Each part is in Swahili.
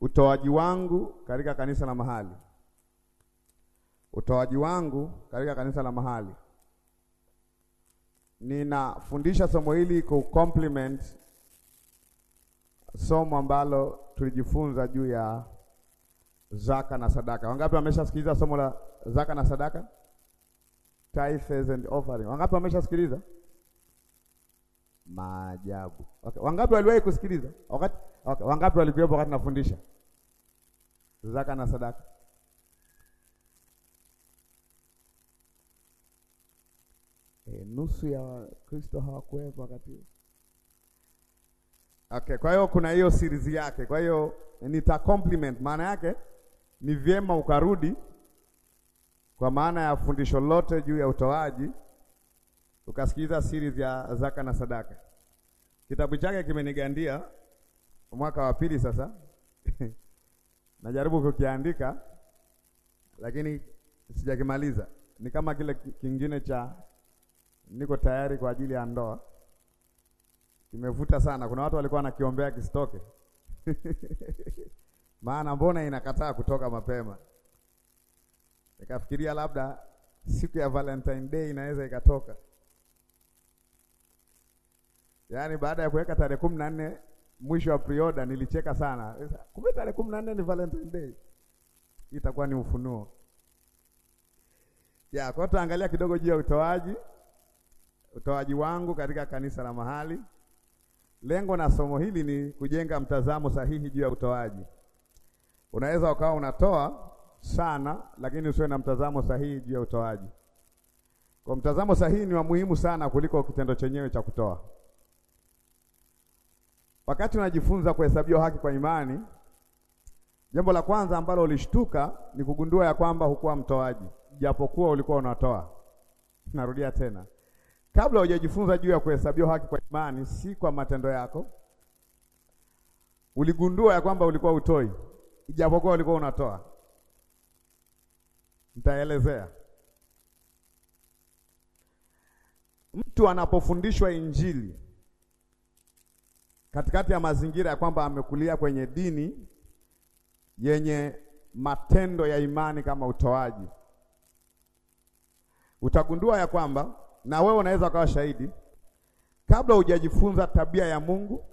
utoaji wangu katika kanisa la mahali, utoaji wangu katika kanisa la mahali. Ninafundisha somo hili ku compliment somo ambalo tulijifunza juu ya zaka na sadaka. Wangapi wameshasikiliza somo la zaka na sadaka? Tithes and offering. Wangapi wameshasikiliza? Maajabu. Okay. Wangapi waliwahi kusikiliza? Wakati Okay, wangapi walikuwepo wakati nafundisha zaka na sadaka? E, nusu ya kristo hawakuwepo wakati huo. Okay, kwa hiyo kuna hiyo series yake. Kwa hiyo nita compliment, maana yake ni vyema ukarudi kwa maana ya fundisho lote juu ya utoaji ukasikiliza series ya zaka na sadaka. Kitabu chake kimenigandia mwaka wa pili sasa najaribu kukiandika lakini sijakimaliza. Ni kama kile kingine cha niko tayari kwa ajili ya ndoa, kimevuta sana. Kuna watu walikuwa wanakiombea kisitoke maana mbona inakataa kutoka mapema. Nikafikiria labda siku ya Valentine Day inaweza ikatoka, yaani baada ya kuweka tarehe kumi na nne mwisho wa prioda nilicheka sana. Kumbe tarehe kumi na nne ni Valentine Day, itakuwa ni ufunuo ya kwa. Tutaangalia kidogo juu ya utoaji, utoaji wangu katika kanisa la mahali. Lengo na somo hili ni kujenga mtazamo sahihi juu ya utoaji. Unaweza ukawa unatoa sana, lakini usiwe na mtazamo sahihi juu ya utoaji. Kwa mtazamo sahihi ni wa muhimu sana kuliko kitendo chenyewe cha kutoa. Wakati unajifunza kuhesabiwa haki kwa imani, jambo la kwanza ambalo ulishtuka ni kugundua ya kwamba hukuwa mtoaji, japokuwa ulikuwa unatoa. Narudia tena, kabla hujajifunza juu ya kuhesabiwa haki kwa imani, si kwa matendo yako, uligundua ya kwamba ulikuwa utoi, japokuwa ulikuwa unatoa. Nitaelezea. Mtu anapofundishwa Injili katikati ya mazingira ya kwamba amekulia kwenye dini yenye matendo ya imani kama utoaji, utagundua ya kwamba na wewe unaweza ukawa shahidi, kabla hujajifunza tabia ya Mungu,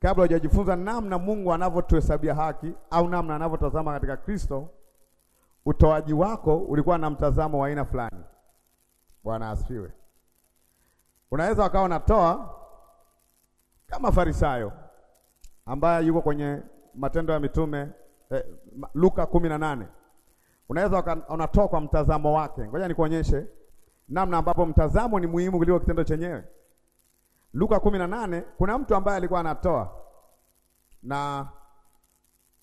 kabla hujajifunza namna Mungu anavyotuhesabia haki au namna anavyotazama katika Kristo, utoaji wako ulikuwa na mtazamo wa aina fulani. Bwana asifiwe. Unaweza ukawa unatoa kama Farisayo ambaye yuko kwenye Matendo ya Mitume eh, Luka kumi na nane. Unaweza unatoa kwa mtazamo wake. Ngoja nikuonyeshe namna ambapo mtazamo ni muhimu kuliko kitendo chenyewe. Luka kumi na nane, kuna mtu ambaye alikuwa anatoa na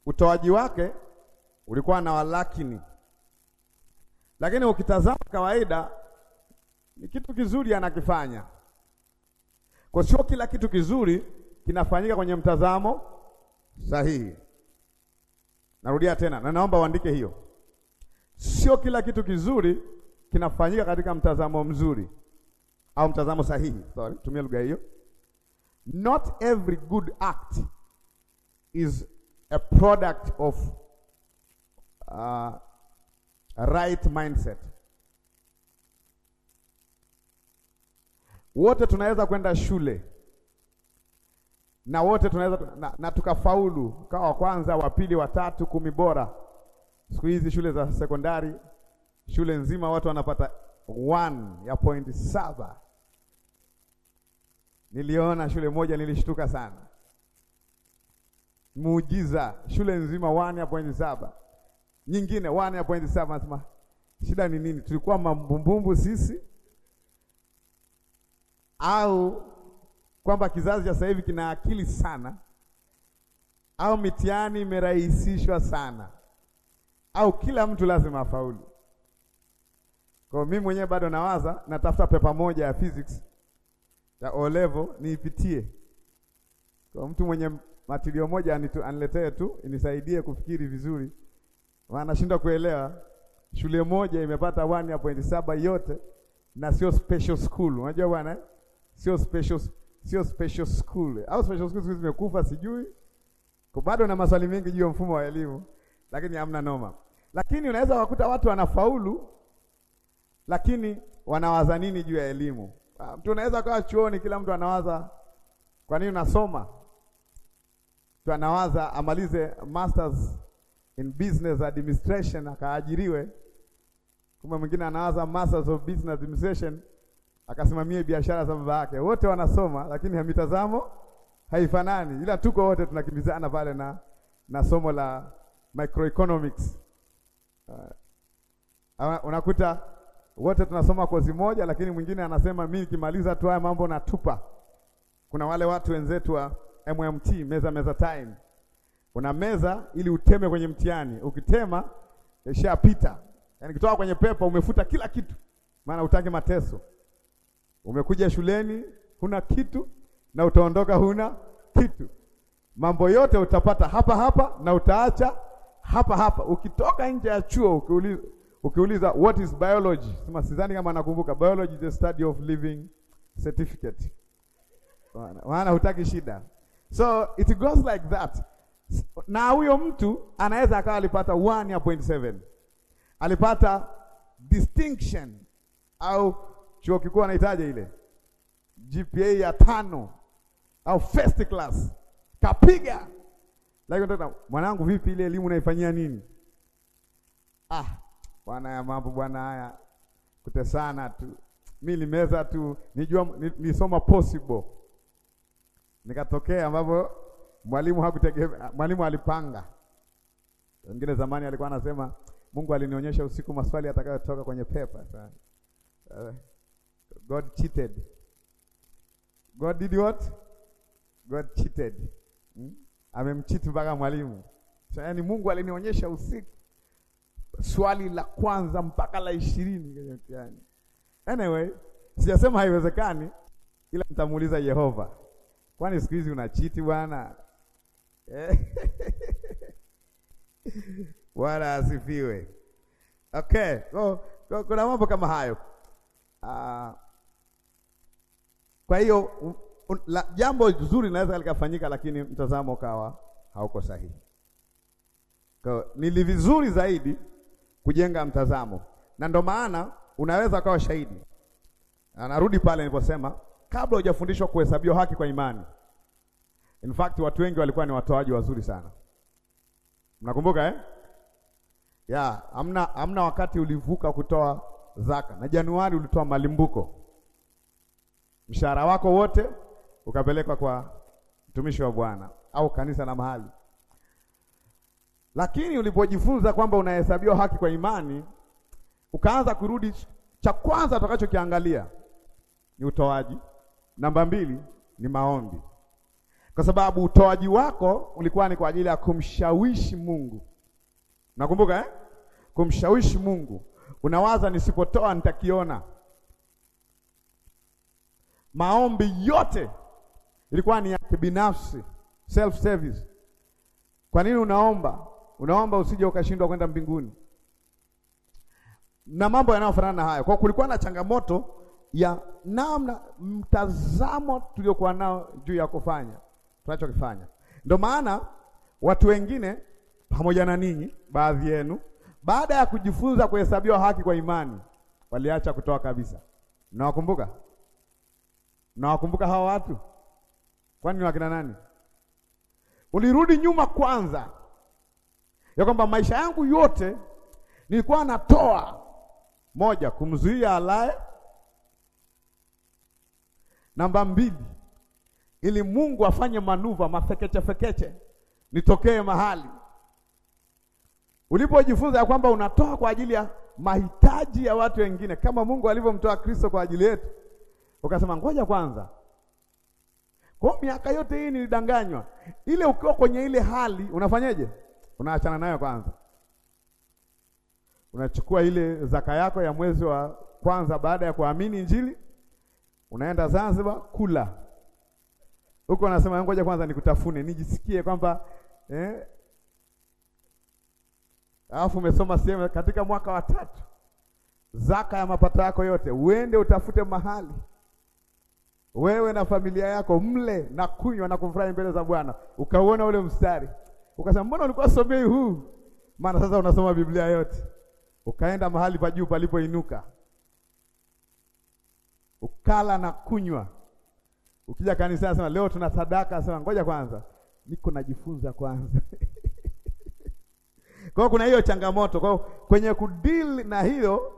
utoaji wake ulikuwa na walakini, lakini ukitazama kawaida ni kitu kizuri anakifanya kwa sio kila kitu kizuri kinafanyika kwenye mtazamo sahihi. Narudia tena na naomba uandike hiyo. Sio kila kitu kizuri kinafanyika katika mtazamo mzuri au mtazamo sahihi. Sorry, tumia lugha hiyo. Not every good act is a product of uh, right mindset. Wote tunaweza kwenda shule na wote tunaweza na, na tukafaulu kawa wa kwanza, wa pili, wa tatu, kumi bora. Siku hizi shule za sekondari, shule nzima watu wanapata one ya pointi saba. Niliona shule moja nilishtuka sana, muujiza, shule nzima one ya pointi saba, nyingine one ya pointi saba. Nasema shida ni nini? Tulikuwa mambumbumbu sisi au kwamba kizazi cha sasa hivi kina akili sana, au mitihani imerahisishwa sana, au kila mtu lazima afaulu. Kwa mimi mwenyewe bado nawaza, natafuta pepa moja ya physics ya O level niipitie. Kwa mtu mwenye matilio moja aniletee tu inisaidie kufikiri vizuri, maana nashindwa kuelewa. Shule moja imepata 1.7 yote na sio special school, unajua bwana sio special, sio special school au special school zimekufa, sijui kwa bado na maswali mengi juu ya mfumo wa elimu, lakini hamna noma. Lakini unaweza wakuta watu wanafaulu, lakini wanawaza nini juu ya elimu? Ah, mtu unaweza kawa chuoni, kila mtu anawaza kwa nini unasoma. Mtu anawaza amalize masters in business administration akaajiriwe. Kumbe mwingine anawaza masters of business administration akasimamie biashara za baba yake. Wote wanasoma lakini hamitazamo haifanani, ila tuko wote tunakimbizana pale na na somo la microeconomics. Uh, unakuta wote tunasoma kozi moja, lakini mwingine anasema mimi nikimaliza tu haya mambo natupa. Kuna wale watu wenzetu wa MMT, meza meza time, una meza ili uteme kwenye mtihani, ukitema ishapita, yaani kitoka kwenye pepa umefuta kila kitu, maana utaki mateso. Umekuja shuleni huna kitu na utaondoka huna kitu. Mambo yote utapata hapa hapa na utaacha hapa hapa. Ukitoka nje ya chuo ukiuliza, ukiuliza what is biology? Sema sidhani kama nakumbuka. Biology is the study of living certificate. Maana hutaki shida. So it goes like that. Na huyo mtu anaweza akawa alipata 1.7. Alipata distinction au chuo kikuu anahitaji ile GPA ya tano au first class kapiga, lakini mwanangu, vipi ile elimu unaifanyia nini? Ah bwana, ya mambo bwana, haya kutesana tu, mi nimeza tu, nijua nisoma possible, nikatokea ambapo mwalimu hakutegemea, mwalimu alipanga. Wengine zamani alikuwa anasema Mungu alinionyesha usiku maswali atakayotoka kwenye pepa. Uh, eh, God cheated. God did what? God cheated. Hmm? Amemchiti mpaka mwalimu. yani Mungu alinionyesha usiku swali la kwanza mpaka la ishirini kwenye mtihani. Anyway, sijasema haiwezekani, ila nitamuuliza Yehova, kwani siku hizi unachiti bwana? Eh. Bwana asifiwe. Okay, so, so kuna mambo kama hayo uh, kwa hiyo jambo zuri linaweza likafanyika, lakini mtazamo ukawa hauko sahihi. Kwa nili vizuri zaidi kujenga mtazamo, na ndo maana unaweza ukawa shahidi. narudi pale niliposema, kabla hujafundishwa kuhesabiwa haki kwa imani. In fact watu wengi walikuwa ni watoaji wazuri sana, mnakumbuka eh? ya amna, amna wakati ulivuka kutoa zaka na Januari ulitoa malimbuko mshahara wako wote ukapelekwa kwa mtumishi wa Bwana au kanisa la mahali. Lakini ulipojifunza kwamba unahesabiwa haki kwa imani, ukaanza kurudi, cha kwanza utakachokiangalia ni utoaji, namba mbili ni maombi, kwa sababu utoaji wako ulikuwa ni kwa ajili ya kumshawishi Mungu. Nakumbuka eh? Kumshawishi Mungu, unawaza nisipotoa nitakiona maombi yote ilikuwa ni ya kibinafsi, self service. Kwa nini unaomba? Unaomba usije ukashindwa kwenda mbinguni na mambo yanayofanana na haya. Kwa kulikuwa na changamoto ya namna mtazamo tuliokuwa nao juu ya kufanya tunachokifanya. Ndio maana watu wengine pamoja na ninyi, baadhi yenu, baada ya kujifunza kuhesabiwa haki kwa imani, waliacha kutoa kabisa. Mnawakumbuka? Nawakumbuka hawa watu, kwani ni wakina nani? Ulirudi nyuma kwanza, ya kwamba maisha yangu yote nilikuwa natoa moja, kumzuia alaye. Namba mbili, ili Mungu afanye manuva, mafekeche fekeche, nitokee mahali ulipojifunza ya kwamba unatoa kwa ajili ya mahitaji ya watu wengine, kama Mungu alivyomtoa Kristo kwa ajili yetu. Ukasema ngoja kwanza. Kwa miaka yote hii nilidanganywa. Ile ukiwa kwenye ile hali unafanyeje? Unaachana nayo kwanza. Unachukua ile zaka yako ya mwezi wa kwanza baada ya kuamini Injili, unaenda Zanzibar kula huko, anasema ngoja kwanza nikutafune nijisikie kwamba eh, alafu umesoma sehemu katika mwaka wa tatu zaka ya mapato yako yote, uende utafute mahali wewe na familia yako mle na kunywa na kufurahi mbele za Bwana. Ukauona ule mstari ukasema, mbona ulikuwa somei huu? Maana sasa unasoma Biblia yote. Ukaenda mahali pa juu palipoinuka, ukala na kunywa. Ukija kanisa, sema leo tuna sadaka, sema ngoja kwanza, niko najifunza kwanza. Kwa hiyo kuna hiyo changamoto, kwa hiyo kwenye kudili na hiyo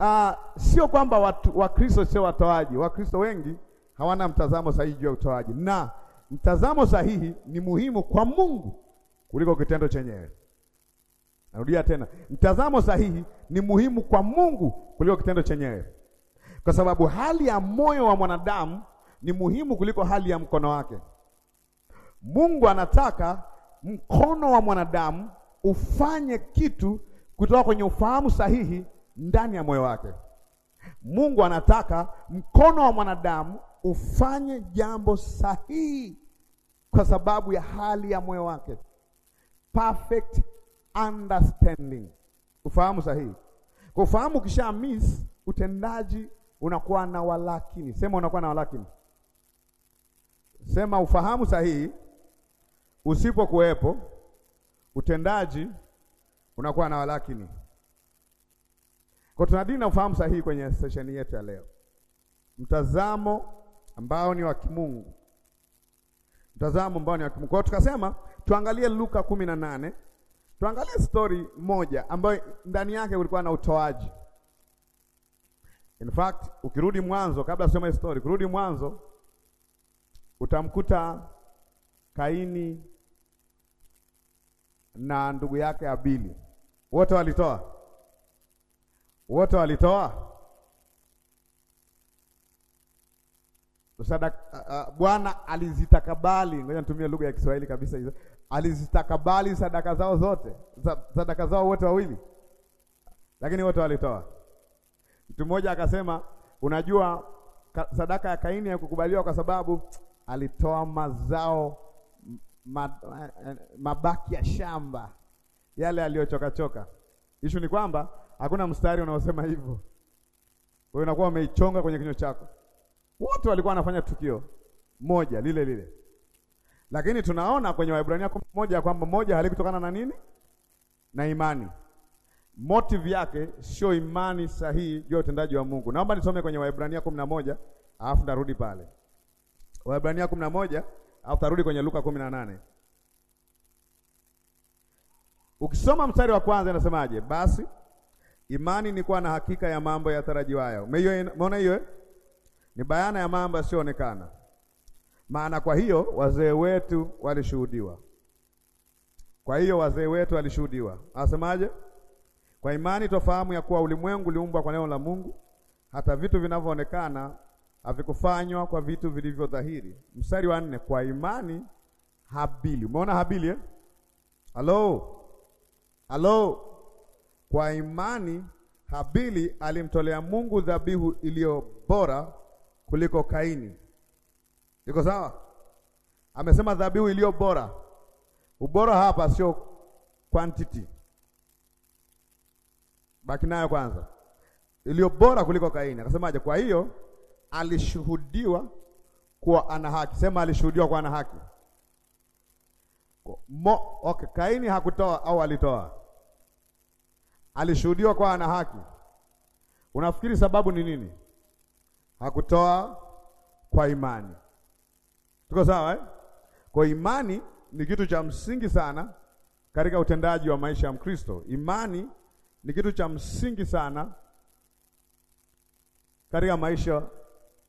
Uh, sio kwamba watu Wakristo sio watoaji. Wakristo wengi hawana mtazamo sahihi juu ya utoaji, na mtazamo sahihi ni muhimu kwa Mungu kuliko kitendo chenyewe. Narudia tena, mtazamo sahihi ni muhimu kwa Mungu kuliko kitendo chenyewe, kwa sababu hali ya moyo wa mwanadamu ni muhimu kuliko hali ya mkono wake. Mungu anataka mkono wa mwanadamu ufanye kitu kutoka kwenye ufahamu sahihi ndani ya moyo wake. Mungu anataka mkono wa mwanadamu ufanye jambo sahihi kwa sababu ya hali ya moyo wake. Perfect understanding, ufahamu sahihi. Kwa ufahamu ukisha miss utendaji unakuwa na walakini. Sema unakuwa na walakini. Sema ufahamu sahihi usipokuwepo utendaji unakuwa na walakini. Kwa tuna dini na ufahamu sahihi kwenye sesheni yetu ya leo, mtazamo ambao ni wa kimungu, mtazamo ambao ni wa kimungu. Kwa tukasema tuangalie Luka kumi na nane, tuangalie stori moja ambayo ndani yake kulikuwa na utoaji. In fact ukirudi mwanzo, kabla soma story, ukirudi mwanzo utamkuta Kaini na ndugu yake Abili wote walitoa wote walitoa sadaka. Bwana alizitakabali, ngoja nitumie lugha ya Kiswahili kabisa hizo, alizitakabali sadaka zao zote, sadaka zao wote wawili, lakini wote walitoa. Mtu mmoja akasema, unajua sadaka ya Kaini hakukubaliwa kwa sababu alitoa mazao ma, eh, eh, mabaki ya shamba yale aliyochokachoka. Ishu ni kwamba Hakuna mstari unaosema hivyo. Wewe unakuwa umeichonga kwenye kinywa chako. Wote walikuwa wanafanya tukio moja lile lile, lakini tunaona kwenye Waebrania kumi na moja kwamba moja halikutokana na nini? Na imani. Motive yake sio imani sahihi juu ya utendaji wa Mungu. Naomba nisome kwenye Waebrania kumi na moja alafu tarudi pale Waebrania kumi na moja alafu tarudi kwenye Luka kumi na nane. Ukisoma mstari wa kwanza inasemaje? Basi Imani ni kuwa na hakika ya mambo ya yatarajiwayo. Umeona hiyo? Eh? Ni bayana ya mambo yasiyoonekana. Maana kwa hiyo wazee wetu walishuhudiwa. Kwa hiyo wazee wetu walishuhudiwa. Anasemaje? Kwa imani twafahamu ya kuwa ulimwengu uliumbwa kwa neno la Mungu, hata vitu vinavyoonekana havikufanywa kwa vitu vilivyo dhahiri. Mstari wa nne, kwa imani Habili. Umeona Habili eh? Halo, halo kwa imani Habili alimtolea Mungu dhabihu iliyo bora kuliko Kaini. Iko sawa? Amesema dhabihu iliyo bora. Ubora hapa sio quantity. Baki nayo kwanza, iliyo bora kuliko Kaini. Akasemaje? Kwa hiyo alishuhudiwa kuwa ana haki. Sema alishuhudiwa kuwa ana haki. Mo, okay. Kaini hakutoa au alitoa? alishuhudiwa kwa ana haki. Unafikiri sababu ni nini? Hakutoa kwa imani. Tuko sawa eh? Kwa imani ni kitu cha msingi sana katika utendaji wa maisha ya Mkristo. Imani ni kitu cha msingi sana katika maisha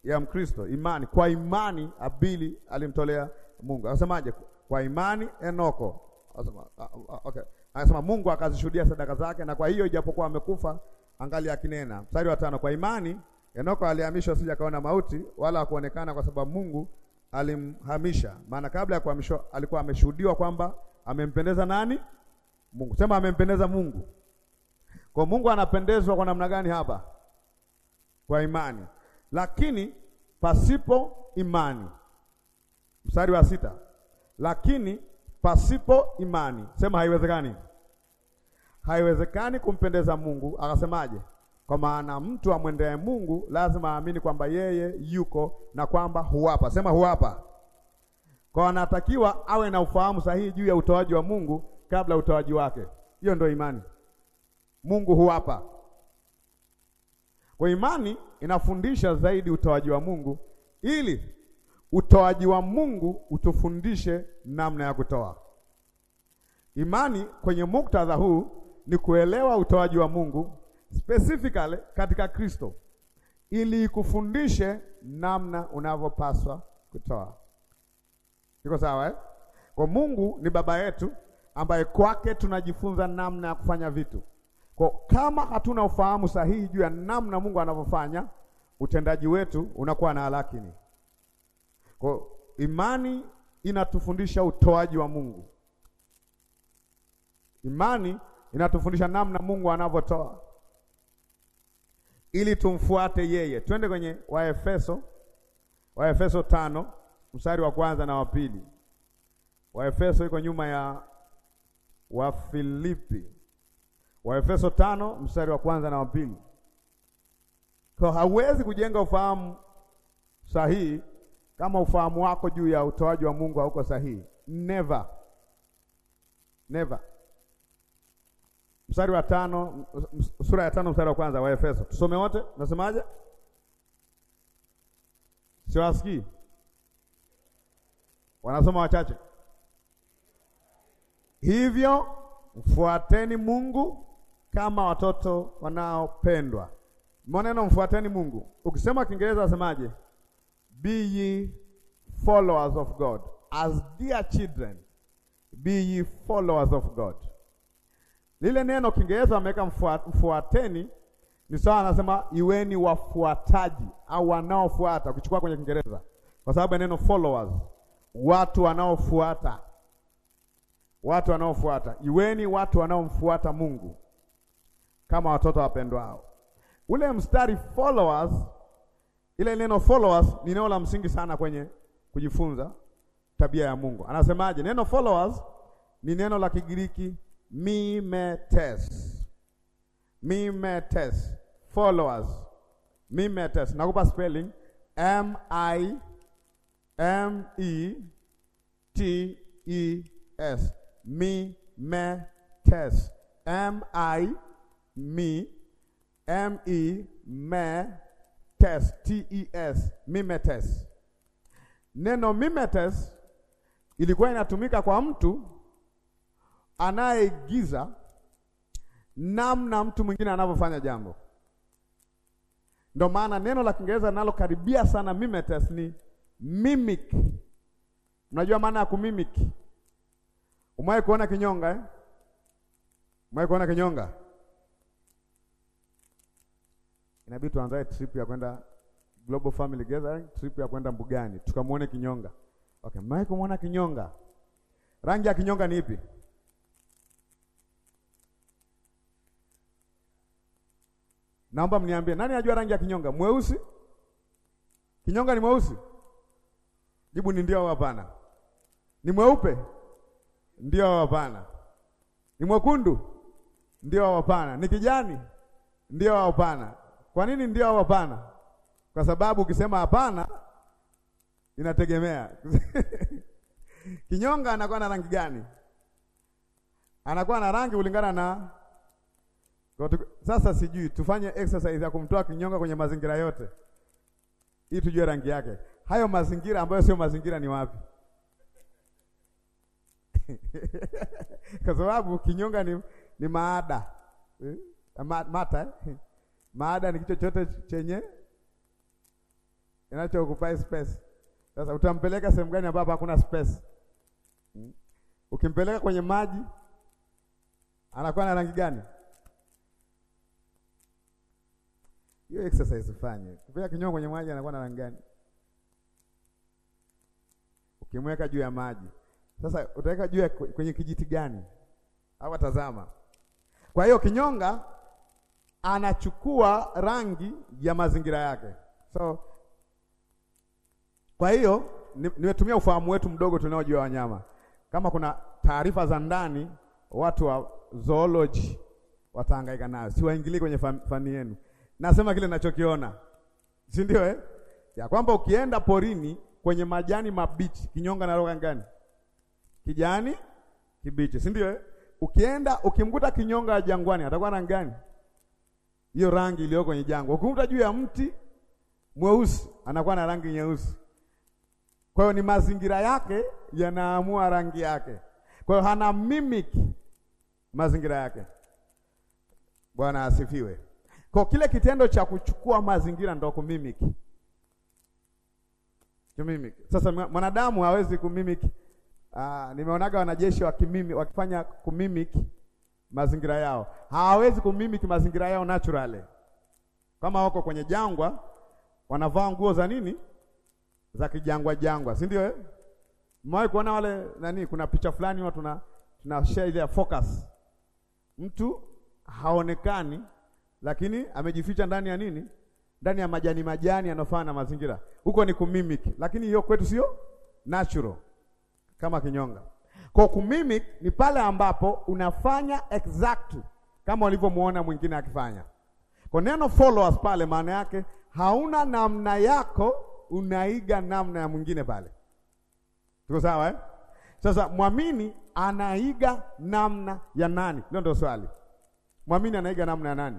ya Mkristo. Imani, kwa imani Abili alimtolea Mungu. Anasemaje? Kwa imani Enoko. Asema, ah, ah, okay. Anasema Mungu akazishuhudia sadaka zake, na kwa hiyo ijapokuwa amekufa angali akinena. Mstari wa tano, kwa imani Enoko alihamishwa sija kaona mauti wala kuonekana kwa sababu Mungu alimhamisha. Maana kabla ya kuhamishwa alikuwa ameshuhudiwa kwamba amempendeza nani? Mungu. Sema amempendeza Mungu. Kwa Mungu anapendezwa kwa namna gani hapa? Kwa imani, lakini pasipo imani. Mstari wa sita, lakini pasipo imani, sema haiwezekani haiwezekani kumpendeza Mungu. Akasemaje? Kwa maana mtu amwendeaye Mungu lazima aamini kwamba yeye yuko na kwamba huwapa. Sema huwapa. Kwa anatakiwa awe na ufahamu sahihi juu ya utoaji wa Mungu kabla utoaji wake. Hiyo ndio imani. Mungu huwapa. Kwa imani inafundisha zaidi utoaji wa Mungu ili utoaji wa Mungu utufundishe namna ya kutoa. Imani kwenye muktadha huu ni kuelewa utoaji wa Mungu specifically katika Kristo ili ikufundishe namna unavyopaswa kutoa. Iko sawa eh? Kwa Mungu ni baba yetu ambaye kwake tunajifunza namna ya kufanya vitu. Kwa kama hatuna ufahamu sahihi juu ya namna Mungu anavyofanya, utendaji wetu unakuwa na halakini. Kwa imani inatufundisha utoaji wa Mungu. Imani inatufundisha namna Mungu anavyotoa ili tumfuate yeye. Twende kwenye Waefeso, Waefeso tano mstari wa kwanza na wa pili. Waefeso iko nyuma ya Wafilipi. Waefeso tano mstari wa kwanza na wa pili. Kwa hauwezi kujenga ufahamu sahihi kama ufahamu wako juu ya utoaji wa Mungu hauko sahihi. Never. Never mstari wa tano, sura ya tano mstari wa kwanza wa Efeso. Tusome wote, nasemaje? Siwasikii wanasoma wachache. Hivyo mfuateni Mungu kama watoto wanaopendwa. Maneno mfuateni Mungu, ukisema Kiingereza asemaje? Be ye followers of God as dear children, be ye followers of God lile neno Kiingereza wameweka mfuateni, ni sawa, anasema iweni wafuataji au wanaofuata, ukichukua kwenye Kiingereza, kwa sababu ya neno followers, watu wanaofuata, watu wanaofuata, iweni watu wanaomfuata Mungu kama watoto wapendwao. Ule mstari followers, ile neno followers ni neno la msingi sana kwenye kujifunza tabia ya Mungu. Anasemaje? Neno followers ni neno la Kigiriki mimetes, mimetes, followers, mimetes. Nakupa spelling M I M E T E S, mimetes, M I me M E me tes T E S, mimetes. Neno mimetes ilikuwa inatumika kwa mtu anayeigiza namna mtu mwingine anavyofanya jambo. Ndio maana neno la Kiingereza linalokaribia sana mimetes ni mimic. Mnajua maana ya kumimic? Umewahi kuona kinyonga eh? Umewahi kuona kinyonga? Inabidi tuanzae trip ya kwenda Global Family Gathering, trip ya kwenda mbugani tukamwone kinyonga. Okay, mmewahi kumwona kinyonga? Rangi ya kinyonga ni ipi? Naomba mniambie nani anajua rangi ya kinyonga? Mweusi? Kinyonga ni mweusi? Jibu ni ndio au hapana? Ni mweupe? Ndio au hapana? Ni mwekundu? Ndio au hapana? Ni kijani? Ndio au hapana? Kwa nini ndio au hapana? Kwa sababu ukisema hapana inategemea. Kinyonga anakuwa na rangi gani? Anakuwa na rangi kulingana na sasa sijui tufanye exercise ya kumtoa kinyonga kwenye mazingira yote ili tujue rangi yake. Hayo mazingira ambayo sio mazingira ni wapi? Kwa sababu kinyonga ni, ni maada eh? Ma, mata eh? Maada ni kitu chochote chenye occupy space. Sasa utampeleka sehemu gani ambapo hakuna space? Hmm? Ukimpeleka kwenye maji anakuwa na rangi gani? Hiyo exercise ufanye. Kupea kinyongo kwenye maji anakuwa na rangi gani? Ukimweka juu ya maji. Sasa utaweka juu ya kwenye kijiti gani? au tazama. Kwa hiyo kinyonga anachukua rangi ya mazingira yake. So kwa hiyo nimetumia ufahamu wetu mdogo tunaojua wanyama. Kama kuna taarifa za ndani watu wa zoology watahangaika nayo. Siwaingilie kwenye fani yenu nasema kile ninachokiona, si ndio eh? ya kwamba ukienda porini kwenye majani mabichi, kinyonga na roga ngani kijani kibichi, si ndio eh? Ukienda ukimkuta kinyonga jangwani atakuwa na ngani hiyo rangi iliyo kwenye jangwa. Ukimkuta juu ya mti mweusi anakuwa na rangi nyeusi. Kwa hiyo ni mazingira yake yanaamua rangi yake. Kwa hiyo hana mimic mazingira yake. Bwana asifiwe. Kwa kile kitendo cha kuchukua mazingira ndio kumimiki. Kumimiki. Sasa mwanadamu hawezi kumimiki. Ah, nimeonaga wanajeshi kimimi wakifanya kumimiki mazingira yao. Hawawezi kumimiki mazingira yao naturally. Kama wako kwenye jangwa wanavaa nguo za nini? Za kijangwa jangwa, si ndio eh? kuona wale nani, kuna picha fulani watu na tuna share ile focus. Mtu haonekani lakini amejificha ndani ya nini? Ndani ya majani majani yanayofaa na mazingira. Huko ni kumimic, lakini hiyo kwetu sio natural kama kinyonga. Kwa kumimic ni pale ambapo unafanya exact kama walivyomuona mwingine akifanya. Kwa neno followers pale maana yake hauna namna yako, unaiga namna ya mwingine pale. Tuko sawa eh? Sasa mwamini anaiga namna ya nani? Ndio ndio swali. Mwamini anaiga namna ya nani?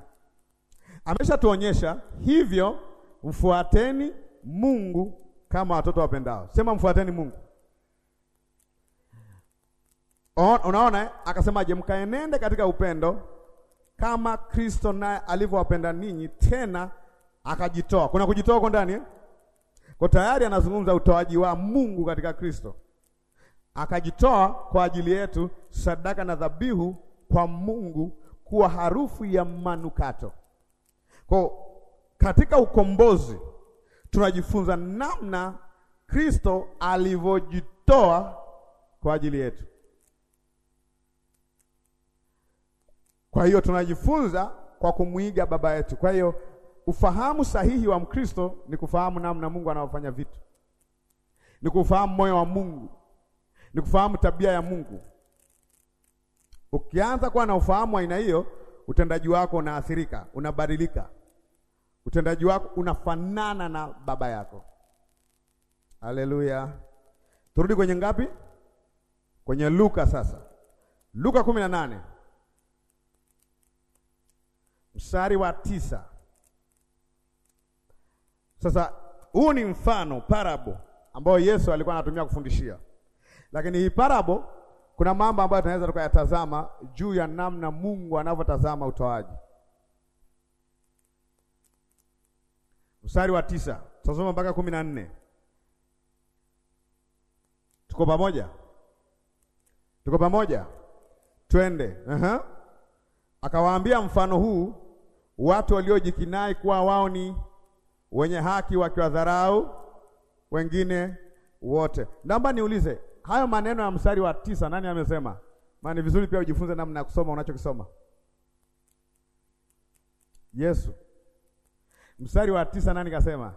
Ameshatuonyesha hivyo, mfuateni Mungu kama watoto wapendao. Sema mfuateni Mungu. Unaona, eh? akasemaje? Mkaenende katika upendo kama Kristo naye alivyowapenda ninyi, tena akajitoa. Kuna kujitoa huko ndani eh? Kwa tayari anazungumza utoaji wa Mungu katika Kristo, akajitoa kwa ajili yetu, sadaka na dhabihu kwa Mungu, kuwa harufu ya manukato. Kwa katika ukombozi tunajifunza namna Kristo alivyojitoa kwa ajili yetu. Kwa hiyo tunajifunza kwa kumwiga baba yetu. Kwa hiyo ufahamu sahihi wa Mkristo ni kufahamu namna Mungu anavyofanya vitu, ni kufahamu moyo wa Mungu, ni kufahamu tabia ya Mungu. Ukianza kuwa na ufahamu aina hiyo, utendaji wako unaathirika, unabadilika utendaji wako unafanana na baba yako. Haleluya! turudi kwenye ngapi? Kwenye Luka sasa, Luka kumi na nane mstari wa tisa. Sasa huu ni mfano parabo ambayo Yesu alikuwa anatumia kufundishia, lakini hii parabo kuna mambo ambayo tunaweza tukayatazama juu ya namna Mungu anavyotazama utoaji. mstari wa tisa tutasoma mpaka kumi na nne. Tuko pamoja? Tuko pamoja? Twende. -huh. Akawaambia mfano huu watu waliojikinai kuwa wao ni wenye haki wakiwadharau wengine wote. Naomba niulize, hayo maneno ya mstari wa tisa nani amesema? Maana ni vizuri pia ujifunze namna ya kusoma unachokisoma. Yesu mstari wa tisa nani kasema?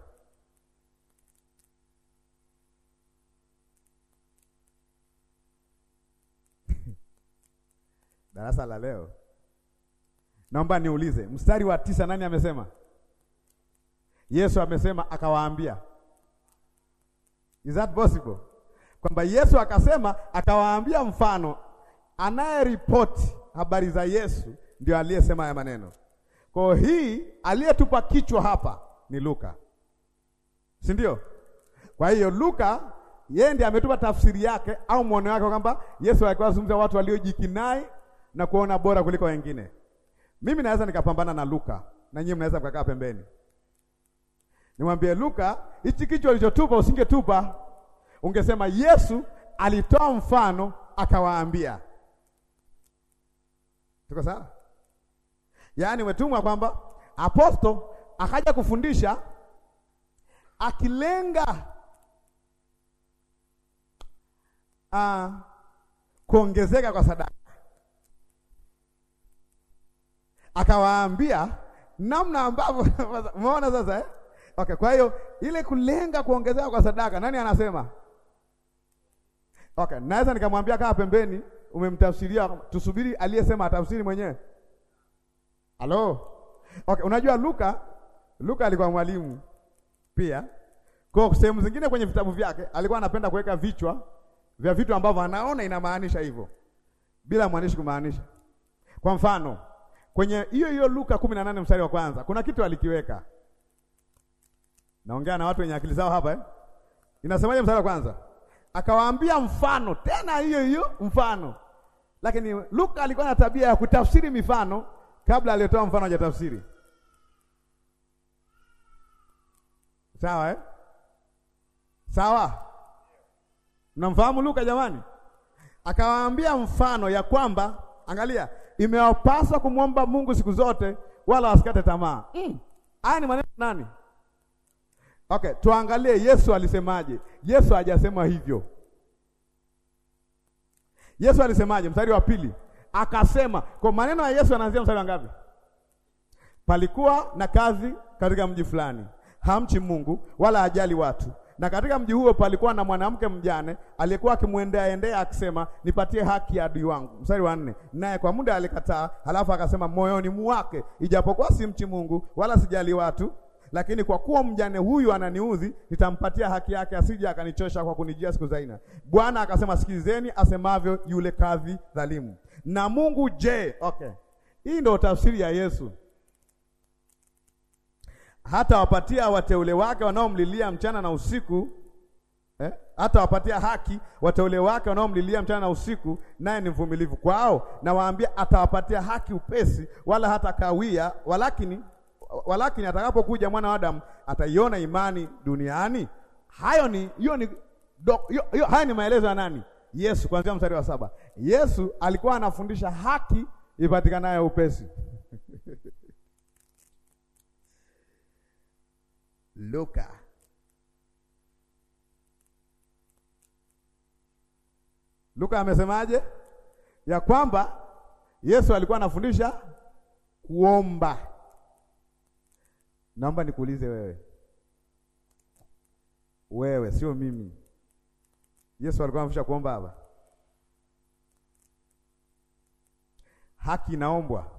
darasa la leo, naomba niulize, mstari wa tisa nani amesema? Yesu amesema akawaambia, is that possible? Kwamba Yesu akasema akawaambia mfano, anayeripoti habari za Yesu ndio aliyesema haya maneno. Kwa hii aliyetupa kichwa hapa ni Luka, si ndio? Kwa hiyo Luka yeye ndiye ametupa tafsiri yake au muono wake kwamba Yesu alikuwa anazungumza watu waliojikinai na kuona bora kuliko wengine. Mimi naweza nikapambana na Luka na nyinyi mnaweza mkakaa pembeni, nimwambie Luka, hichi kichwa ulichotupa usingetupa, ungesema Yesu alitoa mfano akawaambia. Tuko sawa? yaani umetumwa kwamba aposto akaja kufundisha akilenga uh, kuongezeka kwa sadaka. Akawaambia namna ambavyo umeona sasa eh? Okay, kwa hiyo ile kulenga kuongezeka kwa sadaka nani anasema? Okay, naweza nikamwambia kaa pembeni, umemtafsiria tusubiri aliyesema atafsiri mwenyewe. Halo? Okay, unajua Luka Luka alikuwa mwalimu pia. Kwa sehemu zingine kwenye vitabu vyake alikuwa anapenda kuweka vichwa vya vitu ambavyo anaona inamaanisha hivyo bila mwandishi kumaanisha. Kwa mfano, kwenye hiyo hiyo Luka 18 mstari wa kwanza kuna kitu alikiweka. Naongea na watu wenye akili zao hapa eh? Inasemaje mstari wa kwanza? Akawaambia mfano tena hiyo hiyo mfano. Lakini Luka alikuwa na tabia ya kutafsiri mifano kabla aliotoa mfano tafsiri Sawa eh? Sawa, mnamfahamu Luka jamani? Akawaambia mfano ya kwamba, angalia, imewapaswa kumwomba Mungu siku zote, wala wasikate tamaa. Mm. Haya ni maneno nani? Okay, tuangalie Yesu alisemaje. Yesu hajasema hivyo. Yesu alisemaje? Mstari wa pili akasema. Kwa maneno ya Yesu anaanzia mstari wa ngapi? Palikuwa na kazi katika mji fulani, hamchi Mungu wala ajali watu, na katika mji huo palikuwa na mwanamke mjane aliyekuwa akimwendea endea akisema, nipatie haki ya adui wangu. Mstari wa nne, naye kwa muda alikataa, halafu akasema moyoni mwake, ijapokuwa simchi Mungu wala sijali watu lakini kwa kuwa mjane huyu ananiudhi, nitampatia haki yake, asije akanichosha kwa kunijia siku zaina. Bwana akasema, sikilizeni asemavyo yule kadhi dhalimu. Na Mungu je? Okay, hii ndio tafsiri ya Yesu. Hata wapatia wateule wake wanaomlilia mchana na usiku eh? hata wapatia haki wateule wake wanaomlilia mchana na usiku, naye ni mvumilivu kwao. Nawaambia atawapatia haki upesi, wala hata kawia walakini walakini atakapokuja mwana wa Adamu ataiona imani duniani. Hayo ni hiyo ni hiyo, haya ni maelezo ya nani? Yesu, kuanzia mstari wa saba. Yesu alikuwa anafundisha haki ipatikanayo upesi. Luka Luka amesemaje? Ya kwamba Yesu alikuwa anafundisha kuomba Naomba nikuulize wewe, wewe sio mimi. Yesu alikuwa anafundisha kuomba hapa, haki inaombwa.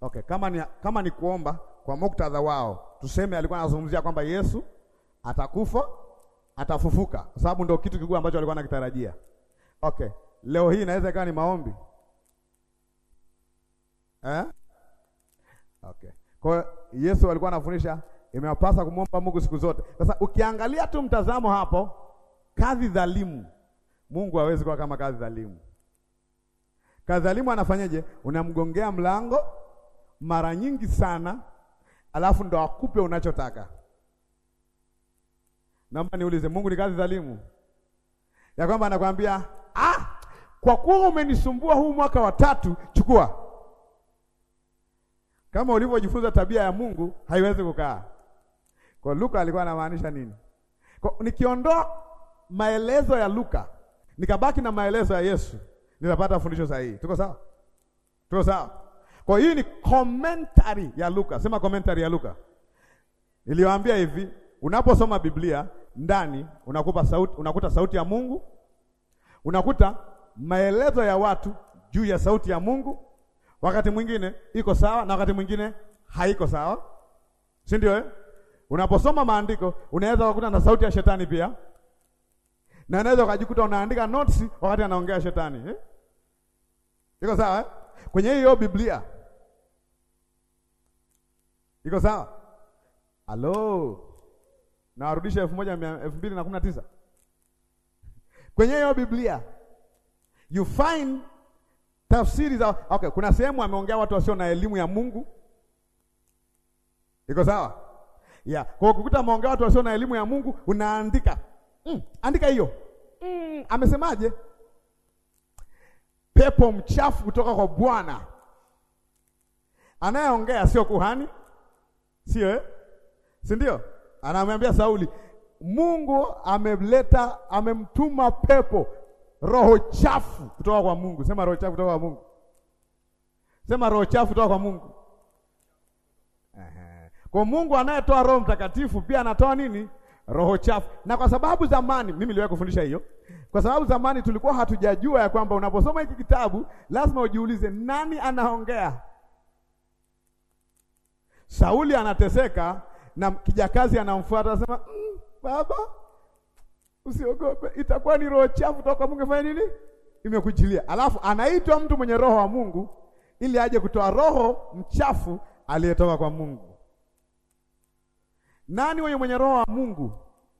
Okay, kama ni, kama ni kuomba kwa muktadha wao, tuseme alikuwa anazungumzia kwamba Yesu atakufa atafufuka, kwa sababu ndio kitu kikubwa ambacho alikuwa anakitarajia. Okay, leo hii inaweza ikawa ni maombi eh? Okay. Kwa hiyo Yesu alikuwa anafundisha imewapasa kumwomba Mungu siku zote. Sasa ukiangalia tu mtazamo hapo, kazi dhalimu, Mungu hawezi kuwa kama kazi dhalimu. Kazi dhalimu anafanyaje? Unamgongea mlango mara nyingi sana, alafu ndo akupe unachotaka. Naomba niulize, Mungu ni kazi dhalimu ya kwamba anakwambia ah, kwa kuwa umenisumbua huu mwaka wa tatu, chukua kama ulivyojifunza tabia ya Mungu haiwezi kukaa. Kwa Luka alikuwa anamaanisha nini? Kwa nikiondoa maelezo ya Luka nikabaki na maelezo ya Yesu nitapata fundisho sahihi. Tuko sawa? Tuko sawa? Kwa hiyo ni commentary ya Luka. Sema commentary ya Luka. Niliwaambia hivi, unaposoma Biblia ndani unakupa sauti, unakuta sauti ya Mungu, unakuta maelezo ya watu juu ya sauti ya Mungu Wakati mwingine iko sawa na wakati mwingine haiko sawa, si ndio eh? Unaposoma maandiko unaweza kukuta na sauti ya shetani pia, na unaweza ukajikuta unaandika notes wakati anaongea shetani eh? Iko sawa eh? Kwenye hiyo Biblia iko sawa. Halo, nawarudisha elfu moja elfu mbili na kumi na tisa kwenye hiyo Biblia you find tafsiri za okay. Kuna sehemu ameongea watu wasio na elimu ya Mungu, iko sawa? Yeah. Kwa kukuta ameongea watu wasio na elimu ya Mungu, unaandika mm, andika hiyo mm, amesemaje? Pepo mchafu kutoka kwa Bwana. Anayeongea sio kuhani, sio eh? si ndio? Anamwambia Sauli, Mungu ameleta amemtuma pepo roho chafu kutoka kwa Mungu. Sema roho chafu kutoka kwa Mungu. Sema roho chafu kutoka kwa Mungu. Aha. Kwa Mungu anayetoa Roho Mtakatifu pia anatoa nini? Roho chafu. Na kwa sababu zamani, mimi niliwahi kufundisha hiyo, kwa sababu zamani tulikuwa hatujajua ya kwamba unaposoma hiki kitabu lazima ujiulize nani anaongea. Sauli anateseka na kijakazi anamfuata, anasema mmm, baba usiogope, itakuwa ni roho chafu toka kwa Mungu fanya nini, imekujilia. Alafu anaitwa mtu mwenye roho wa Mungu ili aje kutoa roho mchafu aliyetoka kwa Mungu. Nani mwenye mwenye roho wa Mungu?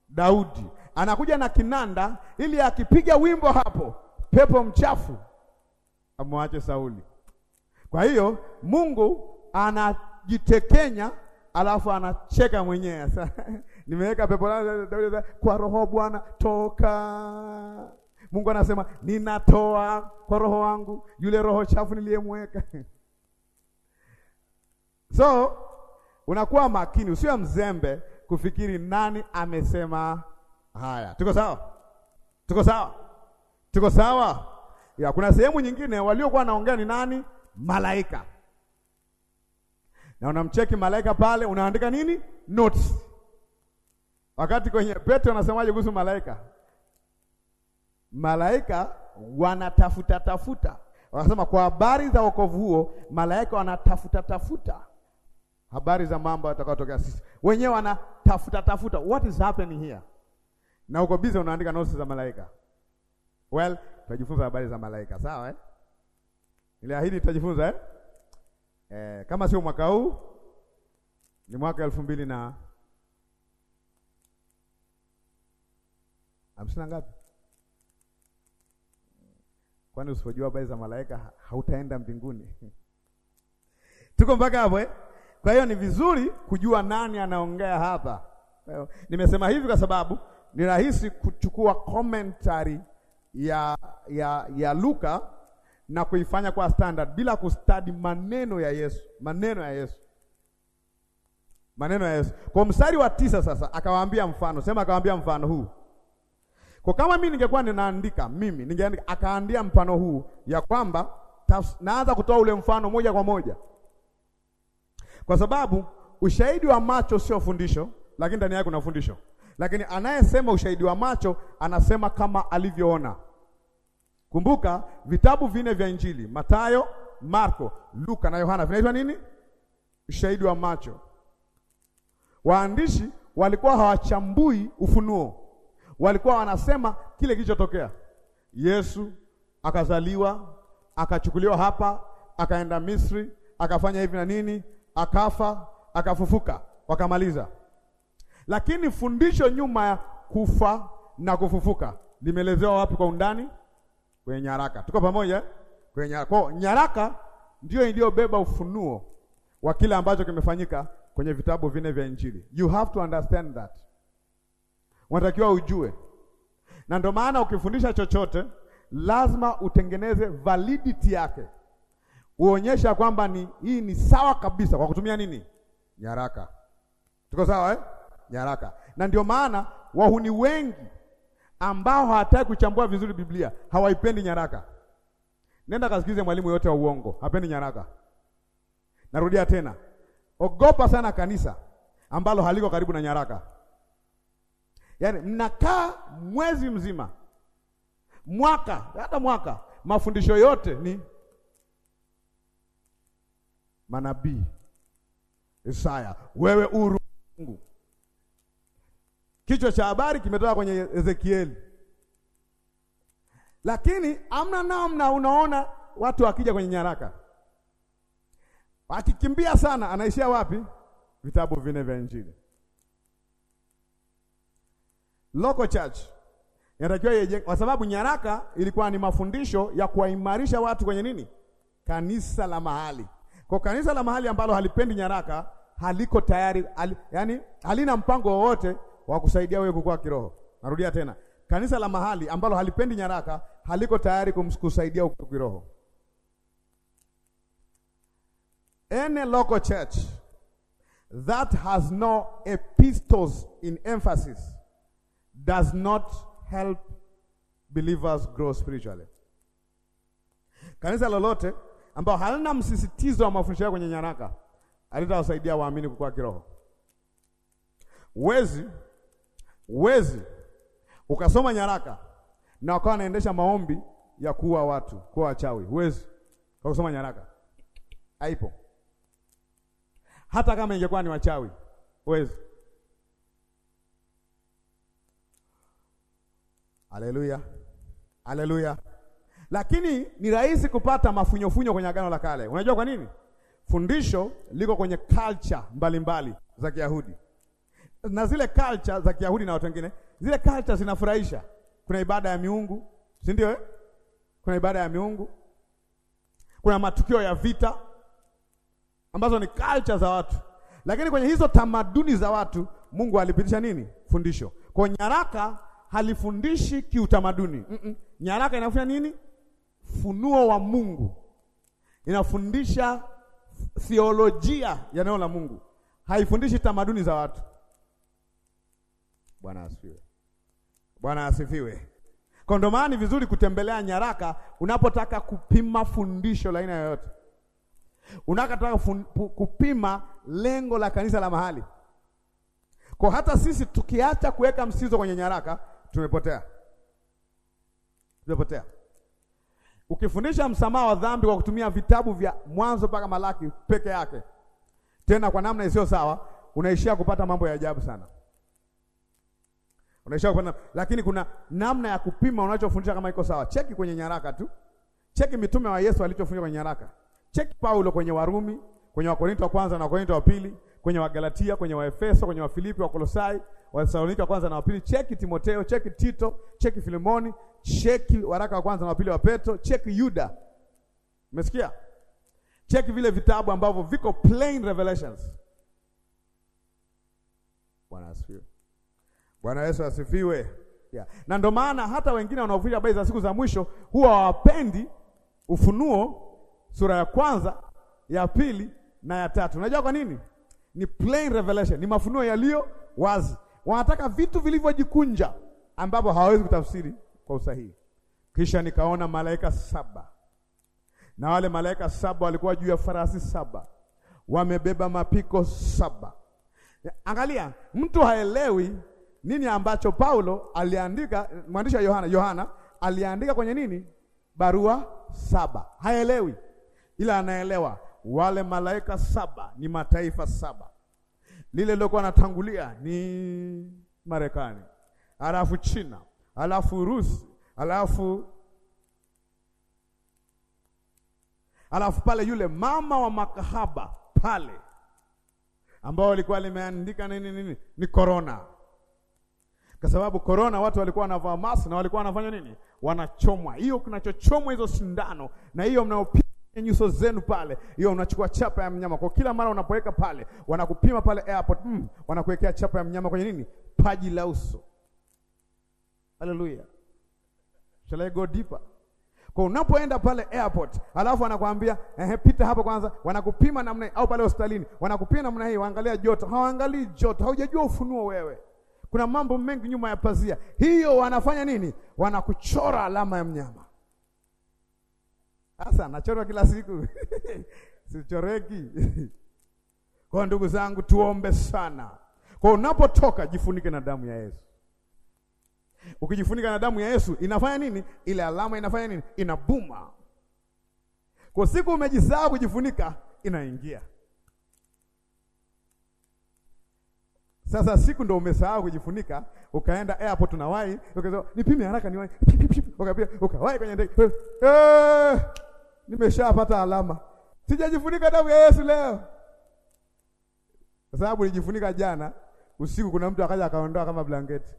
Daudi anakuja na kinanda ili akipiga wimbo hapo pepo mchafu amwache Sauli. Kwa hiyo Mungu anajitekenya, alafu anacheka mwenyewe sasa nimeweka pepo langu kwa roho Bwana toka. Mungu anasema ninatoa kwa roho wangu yule roho chafu niliyemweka. So unakuwa makini, usiwe mzembe kufikiri nani amesema haya. Tuko sawa? Tuko sawa? Tuko sawa? Ya, kuna sehemu nyingine waliokuwa wanaongea ni nani? Malaika. Na unamcheki malaika pale, unaandika nini? Notes. Wakati kwenye Petro anasemaje kuhusu malaika? Malaika wanatafuta tafuta, wanasema kwa habari za wokovu huo, malaika wanatafuta tafuta habari za mambo yatakayotokea. Sisi wenyewe wanatafuta tafuta, what is happening here? Na uko busy unaandika notes za malaika. Well, tutajifunza habari za malaika, sawa eh? ahidi tutajifunza eh? Eh, kama sio mwaka huu ni mwaka elfu mbili na hamsini na ngapi? Kwani usipojua habari za malaika hautaenda mbinguni? tuko mpaka hapo eh? Kwa hiyo ni vizuri kujua nani anaongea hapa. Eh, nimesema hivi kwa sababu ni rahisi kuchukua commentary ya, ya, ya Luka na kuifanya kwa standard bila kustadi maneno ya Yesu, maneno ya Yesu, maneno ya Yesu. Kwa mstari wa tisa sasa akawaambia mfano, sema akawaambia mfano huu kwa kama mimi ningekuwa ninaandika mimi ningeandika akaandia mfano huu ya kwamba naanza kutoa ule mfano moja kwa moja, kwa sababu ushahidi wa macho sio fundisho, lakini ndani yake kuna fundisho. Lakini anayesema ushahidi wa macho anasema kama alivyoona. Kumbuka vitabu vine vya Injili, Mathayo, Marko, Luka na Yohana, vinaitwa nini? Ushahidi wa macho. Waandishi walikuwa hawachambui ufunuo walikuwa wanasema kile kilichotokea. Yesu akazaliwa, akachukuliwa hapa, akaenda Misri, akafanya hivi na nini, akafa, akafufuka, wakamaliza. Lakini fundisho nyuma ya kufa na kufufuka limeelezewa wapi kwa undani? Kwenye nyaraka. Tuko pamoja? Kwenye nyaraka. Kwa nyaraka ndio iliyobeba ufunuo wa kile ambacho kimefanyika kwenye vitabu vine vya Injili. You have to understand that unatakiwa ujue, na ndio maana ukifundisha chochote lazima utengeneze validity yake, uonyesha kwamba ni hii ni sawa kabisa, kwa kutumia nini? Nyaraka. Tuko sawa eh? Nyaraka. Na ndio maana wahuni wengi ambao hawataki kuchambua vizuri Biblia hawaipendi nyaraka. Nenda kasikize mwalimu yote wa uongo, hapendi nyaraka. Narudia tena, ogopa sana kanisa ambalo haliko karibu na nyaraka. Yaani mnakaa mwezi mzima, mwaka, hata mwaka, mafundisho yote ni manabii Isaya, wewe uru Mungu. Kichwa cha habari kimetoka kwenye Ezekieli, lakini amna namna. Unaona watu wakija kwenye nyaraka, akikimbia sana, anaishia wapi? Vitabu vine vya Injili. Local church inatakiwa yeye, kwa sababu nyaraka ilikuwa ni mafundisho ya kuwaimarisha watu kwenye nini, kanisa la mahali. Kwa kanisa la mahali ambalo halipendi nyaraka, haliko tayari hal, yani halina mpango wowote wa kusaidia wewe kukua kiroho. Narudia tena, kanisa la mahali ambalo halipendi nyaraka, haliko tayari kumsaidia ukukua kiroho. Any local church that has no epistles in emphasis does not help believers grow spiritually. Kanisa lolote ambao halina msisitizo wa mafundisho yao kwenye nyaraka halitawasaidia waamini kukua kiroho. Wezi wezi ukasoma nyaraka na wakawa anaendesha maombi ya kuua watu, kuua wachawi. Huwezi kwa kusoma nyaraka, haipo. Hata kama ingekuwa ni wachawi, huwezi. Haleluya, haleluya. Lakini ni rahisi kupata mafunyofunyo kwenye Agano la Kale. Unajua kwa nini? Fundisho liko kwenye culture mbalimbali za Kiyahudi na zile culture za Kiyahudi na watu wengine, zile culture zinafurahisha. Kuna ibada ya miungu, si ndio eh? Kuna ibada ya miungu, kuna matukio ya vita ambazo ni culture za watu, lakini kwenye hizo tamaduni za watu Mungu alipitisha nini? Fundisho. Kwa nyaraka halifundishi kiutamaduni mm -mm. Nyaraka inafanya nini? Funuo wa Mungu inafundisha theolojia ya neno la Mungu, haifundishi tamaduni za watu. Bwana asifiwe. Bwana asifiwe. Kwa ndo maana ni vizuri kutembelea nyaraka unapotaka kupima fundisho la aina yoyote, unakataka kupima lengo la kanisa la mahali. Kwa hata sisi tukiacha kuweka msisitizo kwenye nyaraka tumepotea, tumepotea. Ukifundisha msamaha wa dhambi kwa kutumia vitabu vya Mwanzo mpaka Malaki peke yake, tena kwa namna isiyo sawa, unaishia kupata mambo ya ajabu sana, unaishia kupata. Lakini kuna namna ya kupima unachofundisha kama iko sawa. Cheki kwenye nyaraka tu, cheki mitume wa Yesu walichofundisha kwenye nyaraka, cheki Paulo kwenye Warumi, kwenye Wakorinto wa kwanza na Wakorinto wa pili kwenye Wagalatia, kwenye Waefeso, kwenye Wafilipi, Wakolosai, Wathesalonike wa kwanza na wapili cheki timoteo cheki Tito, cheki Filemoni, cheki waraka wa kwanza na wapili wa Petro, cheki Yuda. Umesikia? Cheki vile vitabu ambavyo viko plain revelations. Bwana asifiwe. Bwana Yesu asifiwe. Yeah. Na ndio maana hata wengine wanaofuata habari za siku za mwisho huwa hawapendi Ufunuo sura ya kwanza, ya pili na ya tatu. Unajua kwa nini? ni plain revelation, ni mafunuo yaliyo wazi. Wanataka vitu vilivyojikunja ambapo hawawezi kutafsiri kwa usahihi. Kisha nikaona malaika saba, na wale malaika saba walikuwa juu ya farasi saba, wamebeba mapiko saba. Angalia, mtu haelewi nini ambacho Paulo aliandika, mwandishi wa Yohana, Yohana aliandika kwenye nini barua saba, haelewi, ila anaelewa wale malaika saba ni mataifa saba, lile lilokuwa natangulia ni Marekani, halafu China, halafu Urusi, halafu alafu pale yule mama wa makahaba pale ambao alikuwa limeandika nini nini, ni korona, kwa sababu korona watu walikuwa wanavaa mask na walikuwa wanafanya nini, wanachomwa. Hiyo kinachochomwa hizo sindano na hiyo mnayopiga nyuso zenu pale, hiyo unachukua chapa ya mnyama. Kwa kila mara unapoweka pale, wanakupima pale airport, mm, wanakuwekea chapa ya mnyama kwenye nini? Paji la uso. Haleluya, shall I go deeper? Kwa unapoenda pale airport, alafu anakuambia eh, pita hapo kwanza, wanakupima namna hii, au pale hospitalini wanakupima namna hii, waangalia joto. Hawaangalii joto, haujajua ufunuo wewe. Kuna mambo mengi nyuma ya pazia. Hiyo wanafanya nini? Wanakuchora alama ya mnyama. Sasa nachorwa kila siku sichoreki. Kwa ndugu zangu, tuombe sana. Kwa unapotoka jifunike na damu ya Yesu. Ukijifunika na damu ya Yesu inafanya nini? Ile alama inafanya nini? Inabuma. Kwa siku umejisahau kujifunika, inaingia Sasa siku ndo umesahau kujifunika, ukaenda airport na wai, ukasema nipime haraka ukapia, ukawahi kwenye ndege. eh, nimeshapata alama, sijajifunika damu ya Yesu leo, kwa sababu nilijifunika jana usiku, kuna mtu akaja akaondoa kama blanketi.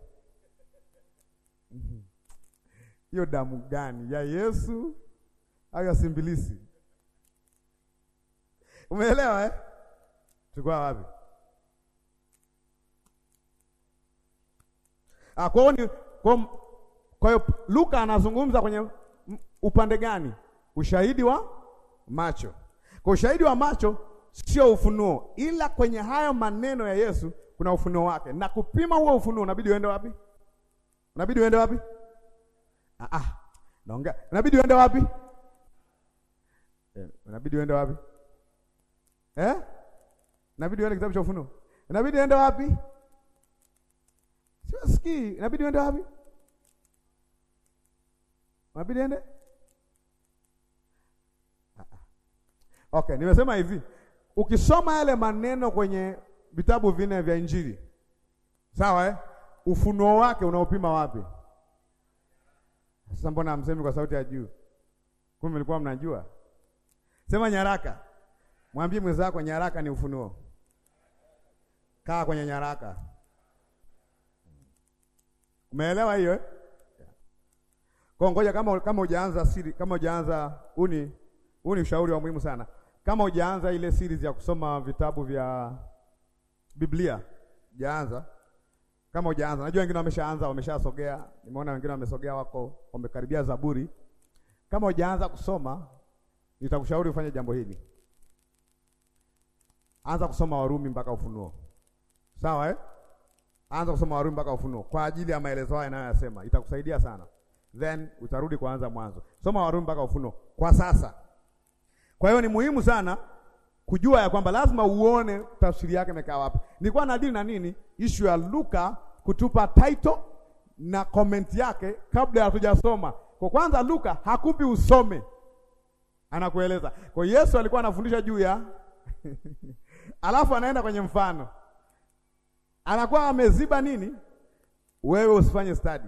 Hiyo damu gani ya Yesu au ya simbilisi? Umeelewa eh? Tulikuwa wapi? Ah, kwa hiyo Luka anazungumza kwenye upande gani? ushahidi wa macho. Kwa ushahidi wa macho sio ufunuo, ila kwenye hayo maneno ya Yesu kuna ufunuo wake, na kupima huo ufunuo unabidi uende wapi? Unabidi uende wapi? Ah, ah, naongea. Unabidi uende wapi? Eh, unabidi uende wapi? Eh, unabidi uende kitabu cha Ufunuo. Unabidi uende wapi? sikii. Unabidi uende wapi? Unabidi uende Okay, nimesema hivi, ukisoma yale maneno kwenye vitabu vinne vya Injili sawa, eh? Ufunuo wake unaopima wapi? Sasa mbona msemi kwa sauti ya juu? Kumbe mlikuwa mnajua. Sema nyaraka, mwambie mwenzako nyaraka ni ufunuo. Kaa kwenye nyaraka, umeelewa hiyo eh? Kwa ngoja, kama kama hujaanza siri, kama hujaanza uni, uni ushauri wa muhimu sana. Kama hujaanza ile series ya kusoma vitabu vya Biblia, jaanza. kama hujaanza, najua wengine wameshaanza, wameshasogea. Nimeona wengine wamesogea, wako wamekaribia Zaburi. Kama hujaanza kusoma, nitakushauri ufanye jambo hili, anza kusoma Warumi mpaka Ufunuo. Sawa eh? Anza kusoma Warumi mpaka Ufunuo kwa ajili ya maelezo haya inayoyasema, itakusaidia sana, then utarudi kuanza mwanzo. Soma Warumi mpaka Ufunuo kwa sasa. Kwa hiyo ni muhimu sana kujua ya kwamba lazima uone tafsiri yake imekaa wapi. Nilikuwa nadili na nini ishu ya Luka kutupa title na comment yake kabla hatujasoma. Kwa kwanza, Luka hakupi usome, anakueleza. Kwa Yesu alikuwa anafundisha juu ya alafu anaenda kwenye mfano, anakuwa ameziba nini, wewe usifanye study.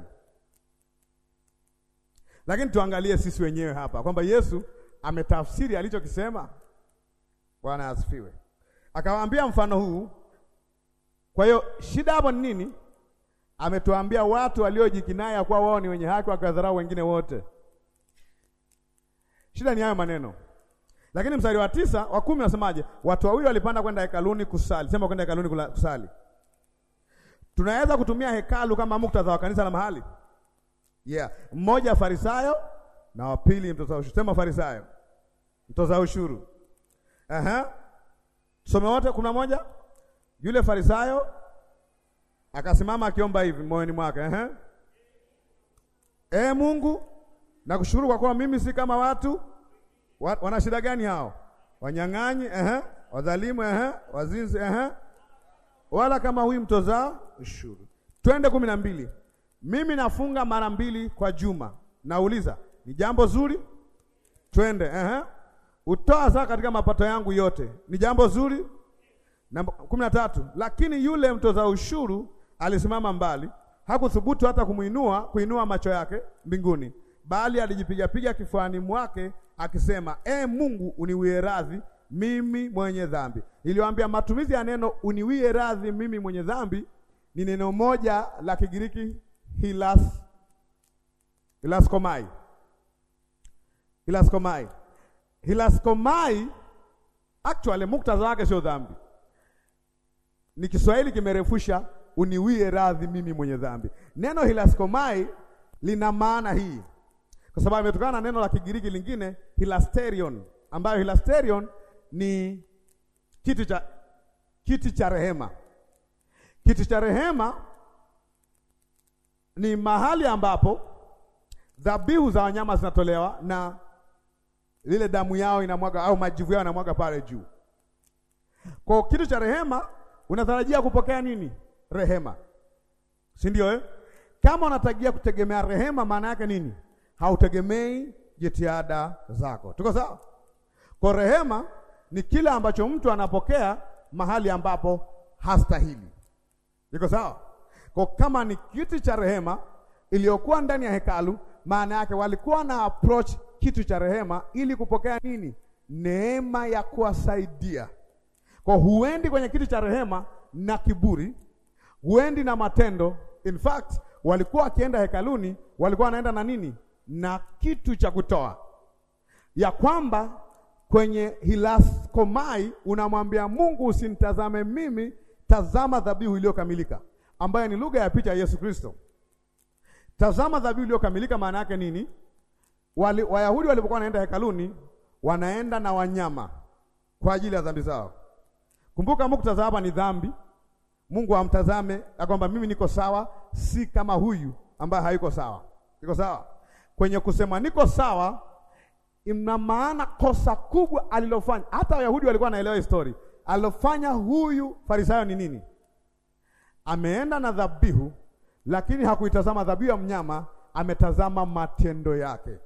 Lakini tuangalie sisi wenyewe hapa kwamba Yesu ametafsiri alichokisema. Bwana asifiwe. Akawaambia mfano huu. Kwa hiyo shida hapo ni nini? Ametuambia watu waliojikinaya kwa wao ni wenye haki, wakadharau wengine wote. Shida ni hayo maneno. Lakini mstari wa tisa wa kumi unasemaje? Watu wawili walipanda kwenda hekaluni kusali. Sema kwenda hekaluni kusali. Tunaweza kutumia hekalu kama muktadha wa kanisa la mahali. Yeah, mmoja Farisayo na wa pili mtoza ushuru. Sema Farisayo, mtoza ushuru. Aha, tusome wote. Kuna moja, yule Farisayo akasimama akiomba hivi moyoni mwake, ehe, e Mungu, nakushukuru kwa kuwa mimi si kama watu. Wana shida gani hao? Wanyang'anyi, ehe, wadhalimu, ehe, wazinzi, ehe, wala kama huyu mtoza ushuru. Twende kumi na mbili. Mimi nafunga mara mbili kwa juma. Nauliza, ni jambo zuri, twende eh, utoa zaka katika mapato yangu yote, ni jambo zuri. Namba kumi na tatu, lakini yule mtoza ushuru alisimama mbali, hakuthubutu hata kumuinua kuinua macho yake mbinguni, bali alijipigapiga kifuani mwake akisema, e Mungu, uniwie radhi mimi mwenye dhambi. Iliwaambia matumizi ya neno uniwie radhi mimi mwenye dhambi ni neno moja la Kigiriki hilas hilaskomai Hilaskomai. Hilaskomai actually muktadha wake sio dhambi. Ni Kiswahili kimerefusha uniwie radhi mimi mwenye dhambi. Neno hilaskomai lina maana hii. Kwa sababu imetokana na neno la Kigiriki lingine hilasterion, ambayo hilasterion ni kiti cha kiti cha rehema. Kiti cha rehema ni mahali ambapo dhabihu za wanyama zinatolewa na lile damu yao inamwaga au majivu yao inamwaga pale juu. Kwa kitu cha rehema unatarajia kupokea nini? Rehema, si ndio eh? Kama unatarajia kutegemea rehema, maana yake nini? Hautegemei jitihada zako. Tuko sawa? Kwa rehema ni kila ambacho mtu anapokea mahali ambapo hastahili. Iko sawa? Kwa kama ni kiti cha rehema iliyokuwa ndani ya hekalu, maana yake walikuwa na approach kitu cha rehema ili kupokea nini? Neema ya kuwasaidia. Kwa huendi kwenye kitu cha rehema na kiburi, huendi na matendo. In fact, walikuwa wakienda hekaluni, walikuwa wanaenda na nini? Na kitu cha kutoa, ya kwamba kwenye hilaskomai unamwambia Mungu, usinitazame mimi, tazama dhabihu iliyokamilika, ambayo ni lugha ya picha ya Yesu Kristo. Tazama dhabihu iliyokamilika, maana yake nini? wali, Wayahudi walipokuwa wanaenda hekaluni wanaenda na wanyama kwa ajili ya dhambi zao. Kumbuka muktadha hapa ni dhambi. Mungu amtazame ya kwamba mimi niko sawa, si kama huyu ambaye hayuko sawa. Niko sawa kwenye kusema niko sawa, ina maana kosa kubwa alilofanya. Hata Wayahudi walikuwa wanaelewa histori alilofanya huyu Farisayo ni nini. Ameenda na dhabihu, lakini hakuitazama dhabihu ya mnyama, ametazama matendo yake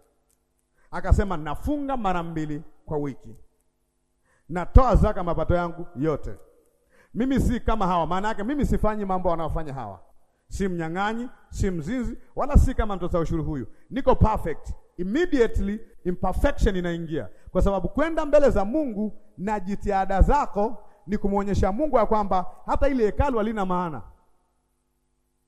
akasema nafunga mara mbili kwa wiki, natoa zaka mapato yangu yote. Mimi si kama hawa. Maana yake mimi sifanyi mambo wanaofanya hawa, si mnyang'anyi, si mzinzi, wala si kama mtoza ushuru huyu. Niko perfect. Immediately imperfection inaingia, kwa sababu kwenda mbele za Mungu na jitihada zako ni kumwonyesha Mungu ya kwamba hata ile hekalu halina maana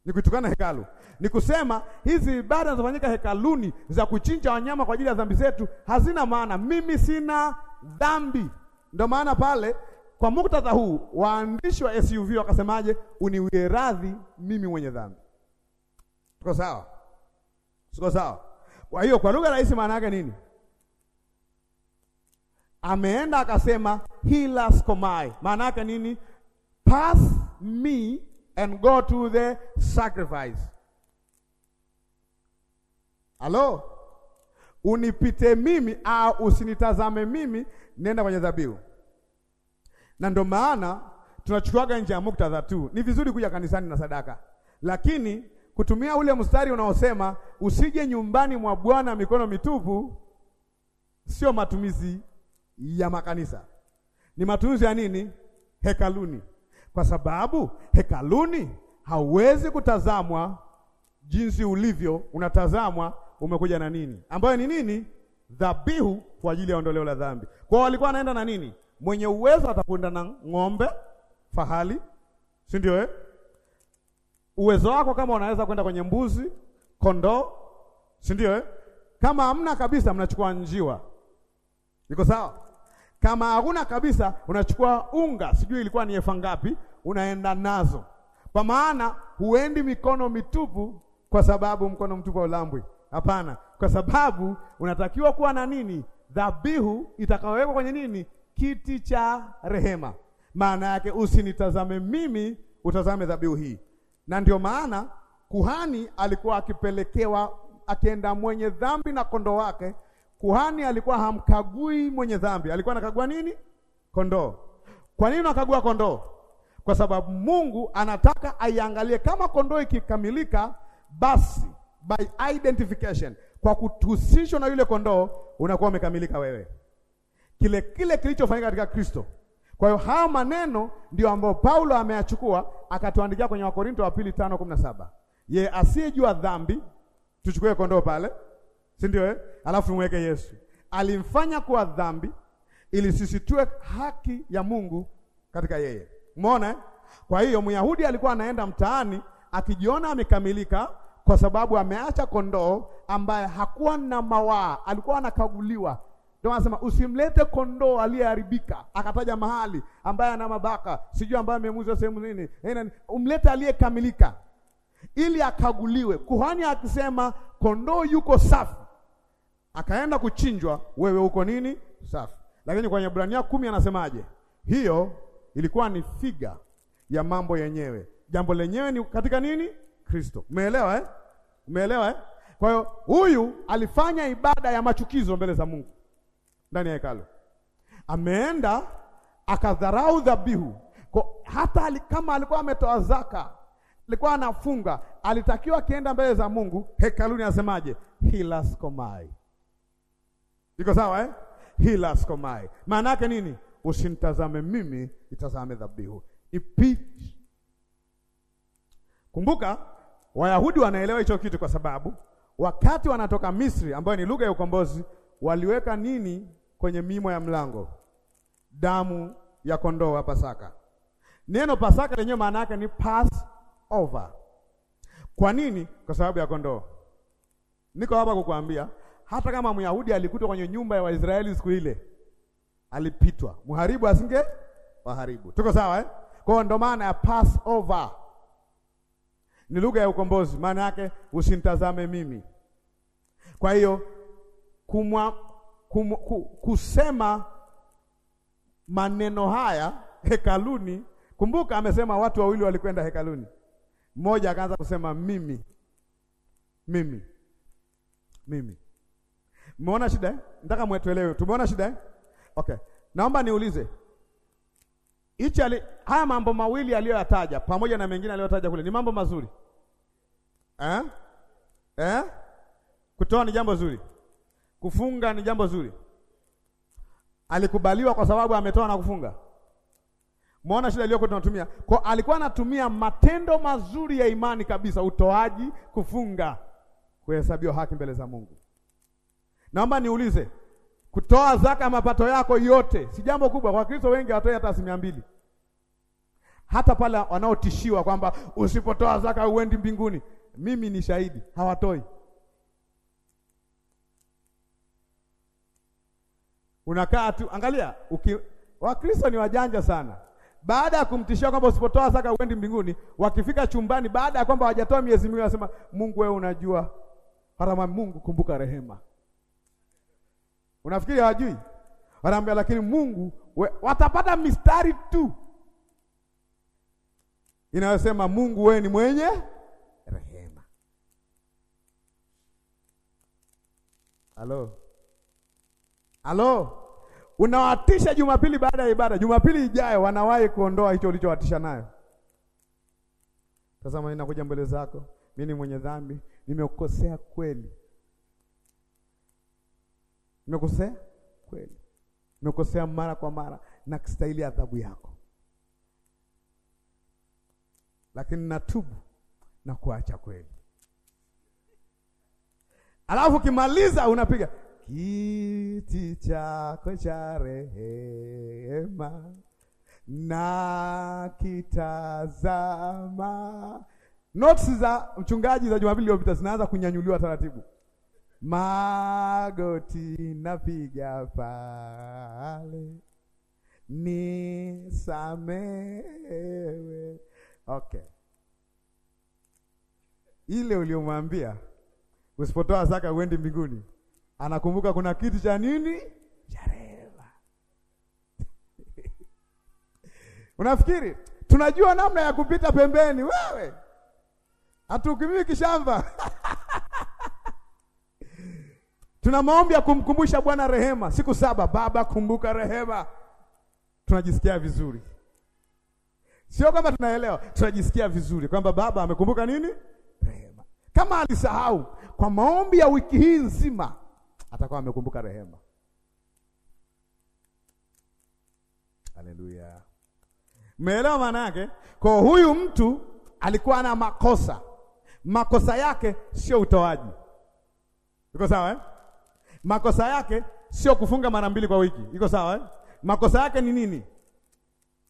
ni kutukana hekalu, ni kusema hizi ibada zinazofanyika hekaluni za kuchinja wanyama kwa ajili ya dhambi zetu hazina maana. Mimi sina dhambi. Ndio maana pale kwa muktadha huu waandishi wa SUV wakasemaje? Uniwie radhi mimi mwenye dhambi. Tuko sawa? Tuko sawa? Kwa hiyo kwa lugha rahisi, maana yake nini? Ameenda akasema hilas komai, maana yake nini? Pass me and go to the sacrifice. Hello? unipite mimi au usinitazame mimi, nenda kwenye dhabihu. Na ndio maana tunachukuaga nje ya muktadha tu. Ni vizuri kuja kanisani na sadaka, lakini kutumia ule mstari unaosema usije nyumbani mwa Bwana mikono mitupu, sio matumizi ya makanisa, ni matumizi ya nini? Hekaluni kwa sababu hekaluni hauwezi kutazamwa jinsi ulivyo, unatazamwa umekuja na nini, ambayo ni nini? Dhabihu kwa ajili ya ondoleo la dhambi. Kwao walikuwa wanaenda na nini? Mwenye uwezo atakwenda na ng'ombe, fahali, si ndio? Eh, uwezo wako kama unaweza kwenda kwenye mbuzi, kondoo, si ndio? Eh, kama hamna kabisa, mnachukua njiwa. Iko sawa? Kama hakuna kabisa, unachukua unga, sijui ilikuwa ni efa ngapi, unaenda nazo, kwa maana huendi mikono mitupu, kwa sababu mkono mtupu haulambwi. Hapana, kwa sababu unatakiwa kuwa na nini? Dhabihu itakayowekwa kwenye nini? Kiti cha rehema. Maana yake usinitazame mimi, utazame dhabihu hii. Na ndio maana kuhani alikuwa akipelekewa, akienda mwenye dhambi na kondoo wake Kuhani alikuwa hamkagui mwenye dhambi, alikuwa anakagua nini? Kondoo. Kwa nini anakagua kondoo? Kwa sababu Mungu anataka aiangalie kama kondoo ikikamilika, basi by identification, kwa kutuhusishwa na yule kondoo unakuwa umekamilika wewe, kile kile kilichofanyika katika Kristo. Kwa hiyo haya maneno ndio ambayo Paulo ameyachukua akatuandikia kwenye Wakorinto wa pili 5:17. Ye asiyejua dhambi, tuchukue kondoo pale si ndio eh? Alafu mweke Yesu alimfanya kuwa dhambi ili sisitue haki ya Mungu katika yeye. Umeona eh? Kwa hiyo Myahudi alikuwa anaenda mtaani akijiona amekamilika kwa sababu ameacha kondoo ambaye hakuwa na mawaa, alikuwa anakaguliwa. Ndio anasema usimlete kondoo aliyeharibika, akataja mahali ambaye ana mabaka, sijui ambaye amemuza sehemu nini, umlete aliyekamilika ili akaguliwe. Kuhani akisema kondoo yuko safi akaenda kuchinjwa, wewe uko nini safi. Lakini kwenye Ibrania kumi anasemaje? Hiyo ilikuwa ni figa ya mambo yenyewe, jambo lenyewe ni katika nini Kristo. Umeelewa eh? Umeelewa eh? Kwa hiyo huyu alifanya ibada ya machukizo mbele za Mungu ndani ya hekalu ameenda akadharau dhabihu kwa, hata kama alikuwa ametoa zaka, alikuwa anafunga, alitakiwa akienda mbele za Mungu hekaluni, asemaje? hilaskomai Iko sawa eh? Hila skomai. Maana yake nini? Usinitazame mimi, itazame dhabihu. Ipi? Kumbuka Wayahudi wanaelewa hicho kitu kwa sababu wakati wanatoka Misri ambayo ni lugha ya ukombozi waliweka nini kwenye mimo ya mlango? Damu ya kondoo wa Pasaka. Neno Pasaka lenyewe maana yake ni pass over. Kwa nini? Kwa sababu ya kondoo. Niko hapa kukuambia hata kama Myahudi alikutwa kwenye nyumba ya Waisraeli siku ile, alipitwa, muharibu asinge waharibu. Tuko sawa eh? Kwa hiyo ndo maana ya Passover ni lugha ya ukombozi, maana yake usinitazame mimi. Kwa hiyo kumwa, kumwa, kusema maneno haya hekaluni. Kumbuka amesema watu wawili walikwenda hekaluni, mmoja akaanza kusema mimi, mimi, mimi Umeona shida eh? Nataka mwetuelewe. Tumeona shida eh? Okay. Naomba niulize. Hichi haya mambo mawili aliyoyataja pamoja na mengine aliyotaja kule ni mambo mazuri. Eh? Eh? Kutoa ni jambo zuri. Kufunga ni jambo zuri. Alikubaliwa kwa sababu ametoa na kufunga. Muona shida iliyokuwa tunatumia. Kwa alikuwa anatumia matendo mazuri ya imani kabisa, utoaji, kufunga, kuhesabiwa haki mbele za Mungu. Naomba niulize, kutoa zaka mapato yako yote si jambo kubwa. Kwa Kristo wengi hawatoi hata asilimia mbili, hata pale wanaotishiwa kwamba usipotoa zaka uendi mbinguni. Mimi ni shahidi, hawatoi. Unakaa tu, angalia uki, Wakristo ni wajanja sana. Baada ya kumtishia kwamba usipotoa zaka uendi mbinguni, wakifika chumbani, baada ya kwamba hawajatoa miezi miwili, wanasema Mungu, wewe unajua harama. Mungu, kumbuka rehema Unafikiri hawajui? Wanaambia lakini Mungu we, watapata mistari tu inayosema Mungu wewe ni mwenye rehema. Halo, halo, unawatisha Jumapili baada ya ibada. Jumapili ijayo wanawahi kuondoa hicho ulichowatisha nayo. Tazama, ninakuja mbele zako, mimi ni mwenye dhambi, nimekosea kweli Nimekosea kweli, nimekosea mara kwa mara na kustahili adhabu yako, lakini natubu na kuacha kweli. Alafu ukimaliza unapiga kiti chako cha rehema na kitazama. Notes za mchungaji za Jumapili iliyopita zinaanza kunyanyuliwa taratibu magoti napiga pale, nisamewe. Okay, ile uliomwambia usipotoa zaka uende mbinguni, anakumbuka kuna kitu cha nini cha rehema. Unafikiri tunajua namna ya kupita pembeni? Wewe hatukimiki kishamba Tuna maombi ya kumkumbusha Bwana rehema siku saba. Baba, kumbuka rehema. Tunajisikia vizuri, sio kwamba tunaelewa, tunajisikia vizuri kwamba Baba amekumbuka nini? Rehema. Kama alisahau kwa maombi ya wiki hii nzima, atakuwa amekumbuka rehema. Haleluya, meelewa maana yake? Kwa huyu mtu alikuwa na makosa, makosa yake sio utoaji. Iko sawa eh? Makosa yake sio kufunga mara mbili kwa wiki, iko sawa eh? Makosa yake ni nini?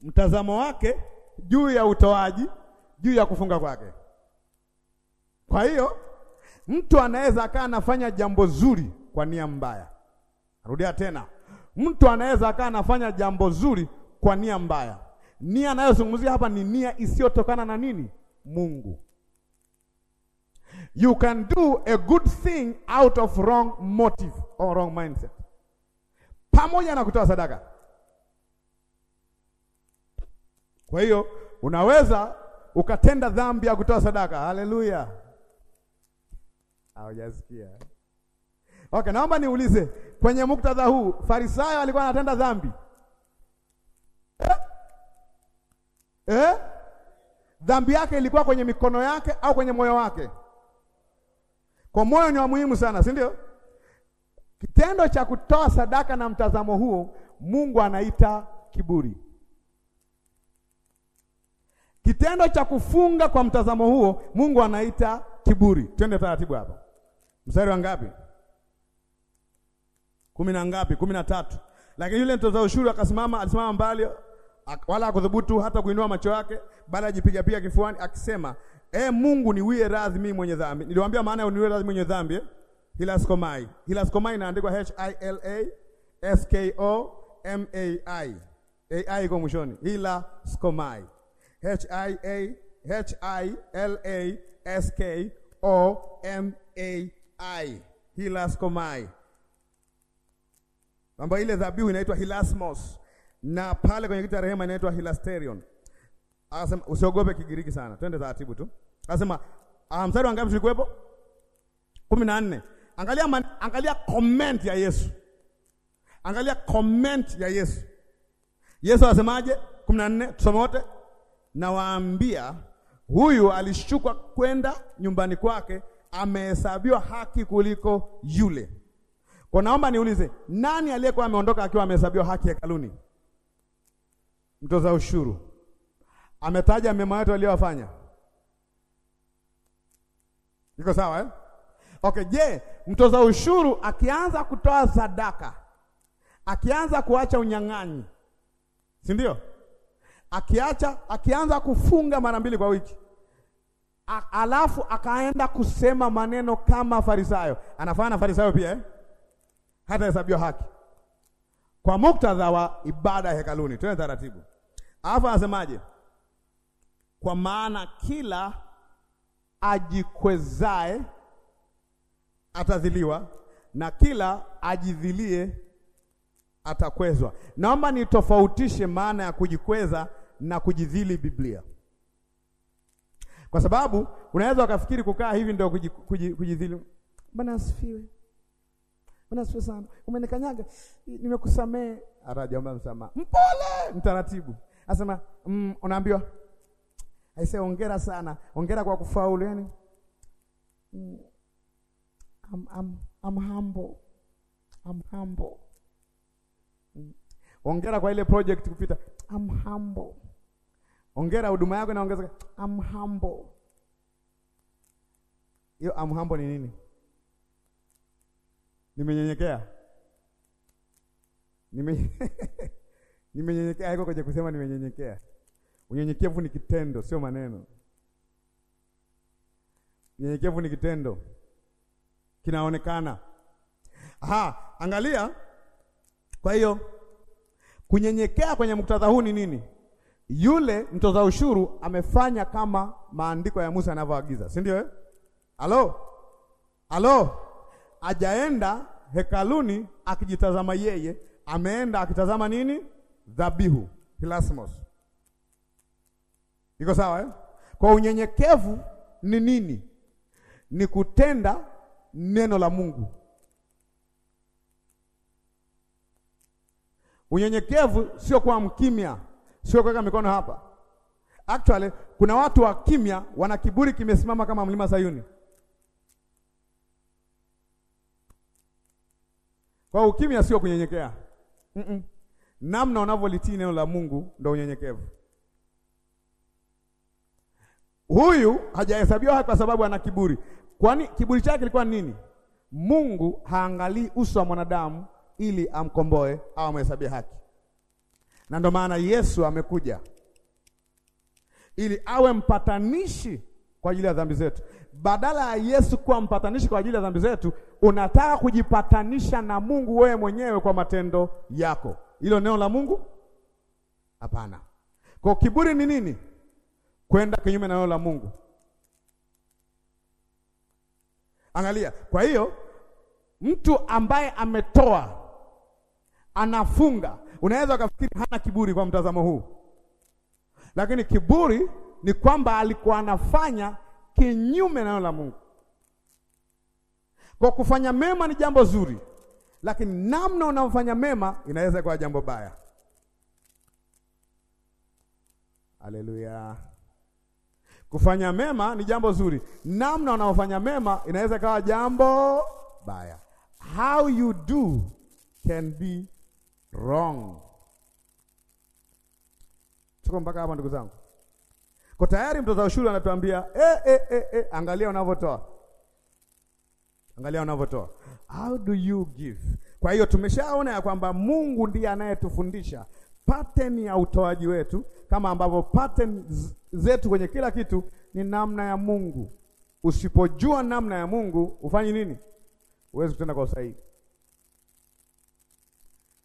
Mtazamo wake juu ya utoaji, juu ya kufunga kwake. Kwa hiyo mtu anaweza akaa anafanya jambo zuri kwa nia mbaya. Rudia tena, mtu anaweza akaa anafanya jambo zuri kwa nia mbaya. Nia anayozungumzia hapa ni nia isiyotokana na nini? Mungu. You can do a good thing out of wrong motive or wrong mindset. Pamoja na kutoa sadaka. Kwa hiyo unaweza ukatenda dhambi ya kutoa sadaka. Haleluya. aujasikia eh? Okay, naomba niulize kwenye muktadha huu, Farisayo alikuwa anatenda dhambi eh? Eh? Dhambi yake ilikuwa kwenye mikono yake au kwenye moyo wake? Kwa moyo ni wa muhimu sana, si ndio? Kitendo cha kutoa sadaka na mtazamo huo Mungu anaita kiburi. Kitendo cha kufunga kwa mtazamo huo Mungu anaita kiburi. Twende taratibu hapa, mstari wa ngapi? kumi na ngapi? kumi na tatu. Lakini yule mtoza ushuru akasimama, alisimama mbali, wala akudhubutu hata kuinua macho yake, bali pia kifuani akisema E Mungu niwie radhi mimi mwenye dhambi. Niliwaambia maana ya niwie radhi mwenye dhambi eh? Hilaskomai. Hilaskomai inaandikwa H I L A S K O M A I. AI iko mwishoni. Hilaskomai. H I A H I L A S K O M A I. Hilaskomai. Kwamba ile dhabihu inaitwa hilasmos na pale kwenye kiti cha rehema inaitwa hilasterion. Asema usiogope Kigiriki sana. Twende taratibu tu. Anasema ah, mstari wangapi tulikuwepo? kumi na nne. Angalia, man, angalia comment ya Yesu, angalia comment ya Yesu. Yesu anasemaje? kumi na nne, tusome wote. Nawaambia huyu alishukwa kwenda nyumbani kwake, amehesabiwa haki kuliko yule. Kwa naomba niulize, nani aliyekuwa ameondoka akiwa amehesabiwa haki hekaluni? Mtoza ushuru. Ametaja mema yote aliyowafanya Iko sawa eh? Okay, je, mtoza ushuru akianza kutoa sadaka, akianza kuacha unyang'anyi, si ndio? Akiacha, akianza kufunga mara mbili kwa wiki, alafu akaenda kusema maneno kama Farisayo, anafanya na Farisayo pia eh? hata hesabiwa haki kwa muktadha wa ibada ya hekaluni. Twende taratibu, alafu anasemaje? Kwa maana kila ajikwezae atadhiliwa na kila ajidhilie atakwezwa. Naomba nitofautishe maana ya kujikweza na kujidhili Biblia, kwa sababu unaweza ukafikiri kukaa hivi ndio kujidhili. Bwana asifiwe, Bwana asifiwe sana, umenikanyaga, nimekusamee. Hata msamaha, mpole, mtaratibu, asema mm, unaambiwa Aise, hongera sana, hongera kwa kufaulu. Yani I'm, I'm, I'm humble. I'm humble. Hongera kwa ile project kupita. I'm humble. Hongera huduma yako inaongezeka. I'm humble. Hiyo I'm humble ni nini? Nimenyenyekea. Nime Nimenyenyekea haiko kwenye kusema nimenyenyekea. Unyenyekevu ni kitendo, sio maneno. Unyenyekevu ni kitendo, kinaonekana. Aha, angalia. Kwa hiyo kunyenyekea kwenye muktadha huu ni nini? Yule mtoza ushuru amefanya kama maandiko ya Musa yanavyoagiza, si ndio? Eh, halo, ajaenda hekaluni akijitazama yeye, ameenda akitazama nini? Dhabihu, hilasmos Iko sawa eh? Kwa unyenyekevu ni nini? Ni kutenda neno la Mungu. Unyenyekevu sio kuwa mkimya, sio kuweka mikono hapa. Actually, kuna watu wa kimya wana kiburi kimesimama kama mlima Sayuni. Kwa ukimya sio kunyenyekea. Mm -mm. Namna unavyolitii neno la Mungu ndio unyenyekevu. Huyu hajahesabiwa haki kwa sababu ana kiburi. Kwani kiburi chake kilikuwa nini? Mungu haangalii uso wa mwanadamu ili amkomboe au amhesabie haki, na ndio maana Yesu amekuja ili awe mpatanishi kwa ajili ya dhambi zetu. Badala ya Yesu kuwa mpatanishi kwa ajili ya dhambi zetu, unataka kujipatanisha na Mungu wewe mwenyewe kwa matendo yako. Hilo neno la Mungu? Hapana. Kwa kiburi ni nini? kwenda kinyume na neno la Mungu. Angalia, kwa hiyo mtu ambaye ametoa anafunga, unaweza ukafikiri hana kiburi kwa mtazamo huu, lakini kiburi ni kwamba alikuwa anafanya kinyume na neno la Mungu. Kwa kufanya mema ni jambo zuri, lakini namna unaofanya mema inaweza kuwa jambo baya. Haleluya. Kufanya mema ni jambo zuri, namna unaofanya mema inaweza ikawa jambo baya. How you do can be wrong. Tuko mpaka hapa ndugu zangu, kwa tayari mtoza ushuru anatuambia eh, eh, eh, e, angalia unavyotoa, angalia unavyotoa. How do you give? Kwa hiyo tumeshaona ya kwamba Mungu ndiye anayetufundisha pattern ya utoaji wetu, kama ambavyo pattern zetu kwenye kila kitu ni namna ya Mungu. Usipojua namna ya Mungu ufanye nini? uwezi kutenda kwa usahihi.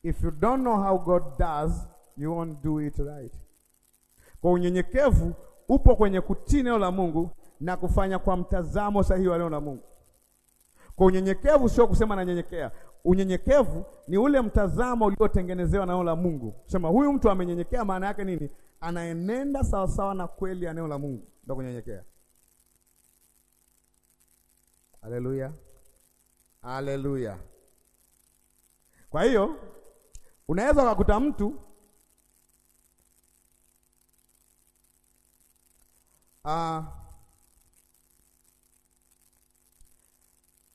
If you don't know how God does, you won't do it right. Kwa unyenyekevu upo kwenye kutii neno la Mungu na kufanya kwa mtazamo sahihi wa neno la Mungu. Kwa unyenyekevu sio kusema na nyenyekea Unyenyekevu ni ule mtazamo uliotengenezewa na neno la Mungu. Sema huyu mtu amenyenyekea, maana yake nini? Anaenenda sawasawa na kweli ya neno la Mungu, ndio kunyenyekea. Haleluya, haleluya. Kwa hiyo unaweza ukakuta mtu Uh,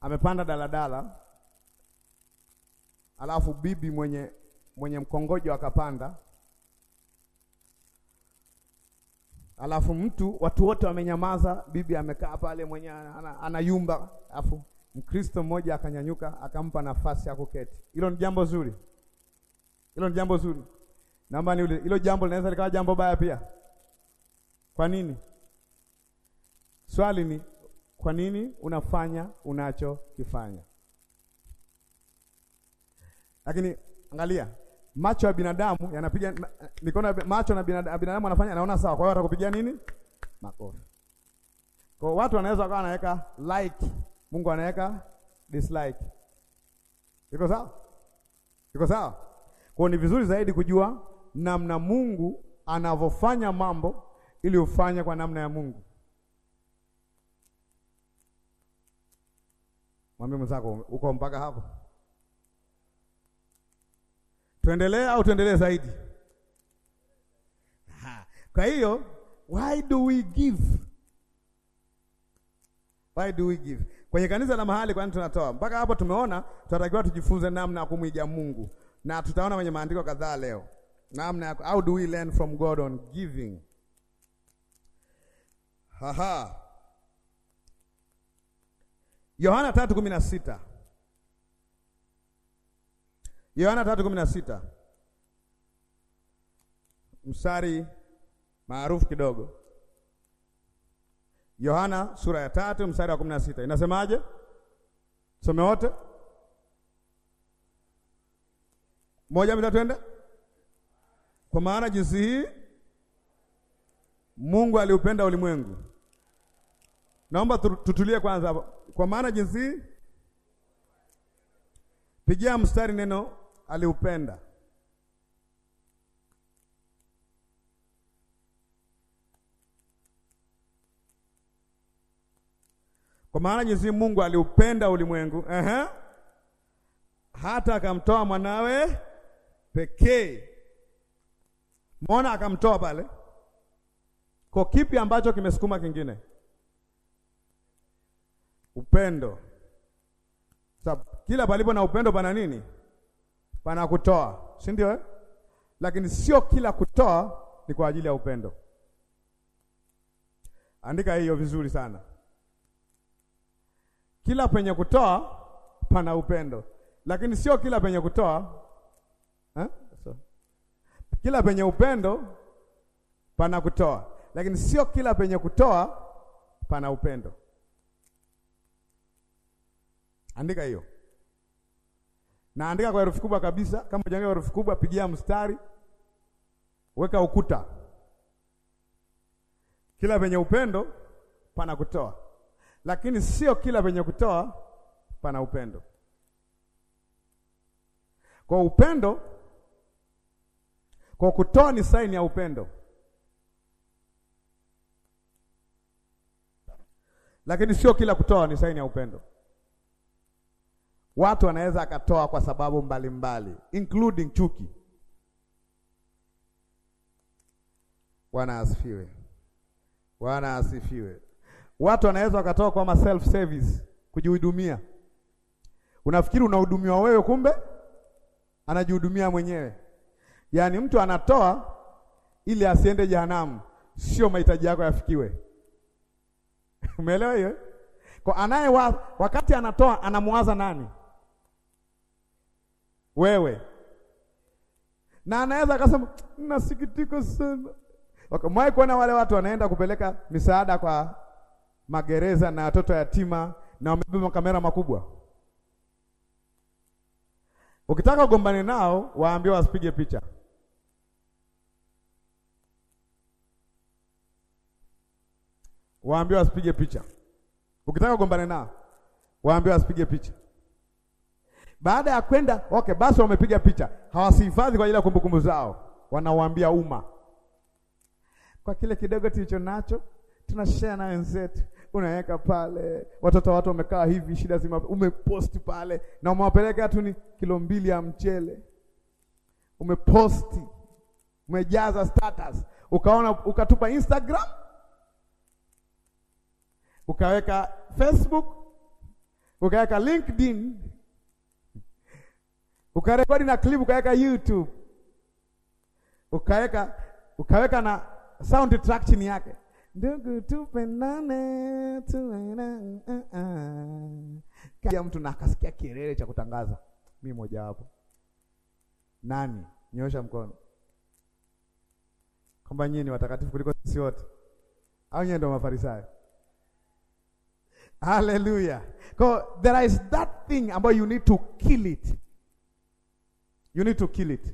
amepanda daladala alafu bibi mwenye mwenye mkongojo akapanda, alafu mtu watu wote wamenyamaza, bibi amekaa pale mwenye anayumba, ana, alafu Mkristo mmoja akanyanyuka akampa nafasi ya kuketi. Hilo ni jambo zuri, hilo ni jambo zuri. Naomba niulize, hilo jambo linaweza likawa jambo baya pia? Kwa nini? Swali ni kwa nini unafanya unachokifanya? Lakini angalia macho ya binadamu yanapiga mikono ya macho na binadamu, binadamu anafanya anaona sawa, kwa hiyo atakupigia nini? Makofi. Kwa watu wanaweza wakawa anaweka like, Mungu anaweka dislike. Iko sawa? Iko sawa? Kwa ni vizuri zaidi kujua namna Mungu anavyofanya mambo ili ufanye kwa namna ya Mungu. Mwambie mwenzako uko mpaka hapo. Tuendelee au tuendelee zaidi? Ha. Kwa hiyo why do we give? Why do we give? Kwenye kanisa la mahali, kwani tunatoa? Mpaka hapo tumeona, tunatakiwa tujifunze namna ya kumwiga Mungu, na tutaona kwenye maandiko kadhaa leo namna ya how do we learn from God on giving. Haha. Yohana 3:16 Yohana 3:16 mstari maarufu kidogo. Yohana sura ya tatu mstari wa 16 inasemaje? Some wote moja mita twende. Kwa maana jinsi hii Mungu aliupenda ulimwengu. Naomba tutulie kwanza hapo. Kwa maana jinsi hii, pigia mstari neno aliupenda. Kwa maana Mwenyezi Mungu aliupenda ulimwengu uh -huh. hata akamtoa mwanawe pekee. Mbona akamtoa pale? Kwa kipi ambacho kimesukuma kingine? Upendo. Sababu kila palipo na upendo pana nini? kutoa, si ndio eh? Lakini sio kila kutoa ni kwa ajili ya upendo. Andika hiyo vizuri sana. Kila penye kutoa pana upendo, lakini sio kila penye kutoa eh? so. Kila penye upendo pana kutoa, lakini sio kila penye kutoa pana upendo. Andika hiyo. Naandika kwa herufi kubwa kabisa. Kama hujaandika herufi kubwa, pigia mstari, weka ukuta. Kila penye upendo pana kutoa, lakini sio kila penye kutoa pana upendo. Kwa upendo, kwa kutoa ni saini ya upendo, lakini sio kila kutoa ni saini ya upendo. Watu wanaweza akatoa kwa sababu mbalimbali mbali, including chuki. Bwana asifiwe. Bwana asifiwe. Watu wanaweza wakatoa kwa self service, kujihudumia. Unafikiri unahudumiwa wewe, kumbe anajihudumia mwenyewe. Yaani mtu anatoa ili asiende jehanamu, sio mahitaji yako yafikiwe. Umeelewa hiyo? Kwa anaye wa, wakati anatoa anamwaza nani? wewe. Na anaweza akasema nasikitiko sana. Wakamwahi kuona wale watu wanaenda kupeleka misaada kwa magereza na watoto yatima na wamebeba kamera makubwa. Ukitaka ugombane nao, waambie wasipige picha. Waambie wasipige picha. Ukitaka ugombane nao, waambie wasipige picha. Baada ya kwenda okay, basi wamepiga picha, hawasihifadhi kwa ajili ya kumbukumbu zao, wanawaambia umma, kwa kile kidogo tulicho nacho share na wenzetu. Unaweka pale watoto watu wamekaa hivi, shida zima, umeposti pale na umewapeleka tu ni kilo mbili ya mchele, umeposti umejaza status, ukaona ukatupa Instagram, ukaweka Facebook, ukaweka LinkedIn ukarekodi na clip ukaweka YouTube, ukaweka ukaweka na sound track chini yake, ndugu tupendane tuwe uh, uh. Kia mtu na akasikia kelele cha kutangaza. Mi moja wapo nani, nyosha mkono kwamba nyinyi ni watakatifu kuliko sisi wote, au nyinyi ndio Mafarisayo? Hallelujah. So there is that thing ambayo you need to kill it you need to kill it.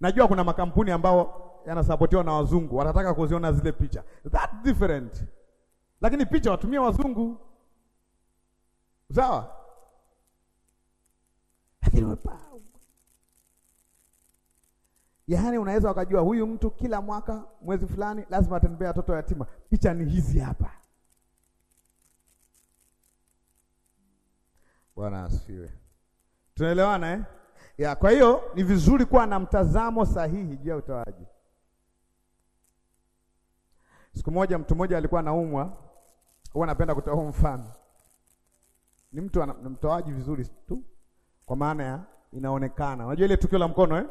Najua kuna makampuni ambao yanasapotiwa na wazungu, wanataka kuziona zile picha, that different, lakini picha watumie wazungu, sawa? Yaani unaweza wakajua huyu mtu kila mwaka mwezi fulani lazima atembea watoto yatima, picha ni hizi hapa. Bwana asifiwe. Tunaelewana eh? Ya, kwa hiyo ni vizuri kuwa na mtazamo sahihi juu ya utoaji. Siku moja mtu mmoja alikuwa anaumwa, huwa anapenda kutoa huu mfano. Ni mtu anamtoaji vizuri tu kwa maana ya inaonekana. Unajua ile tukio la mkono eh?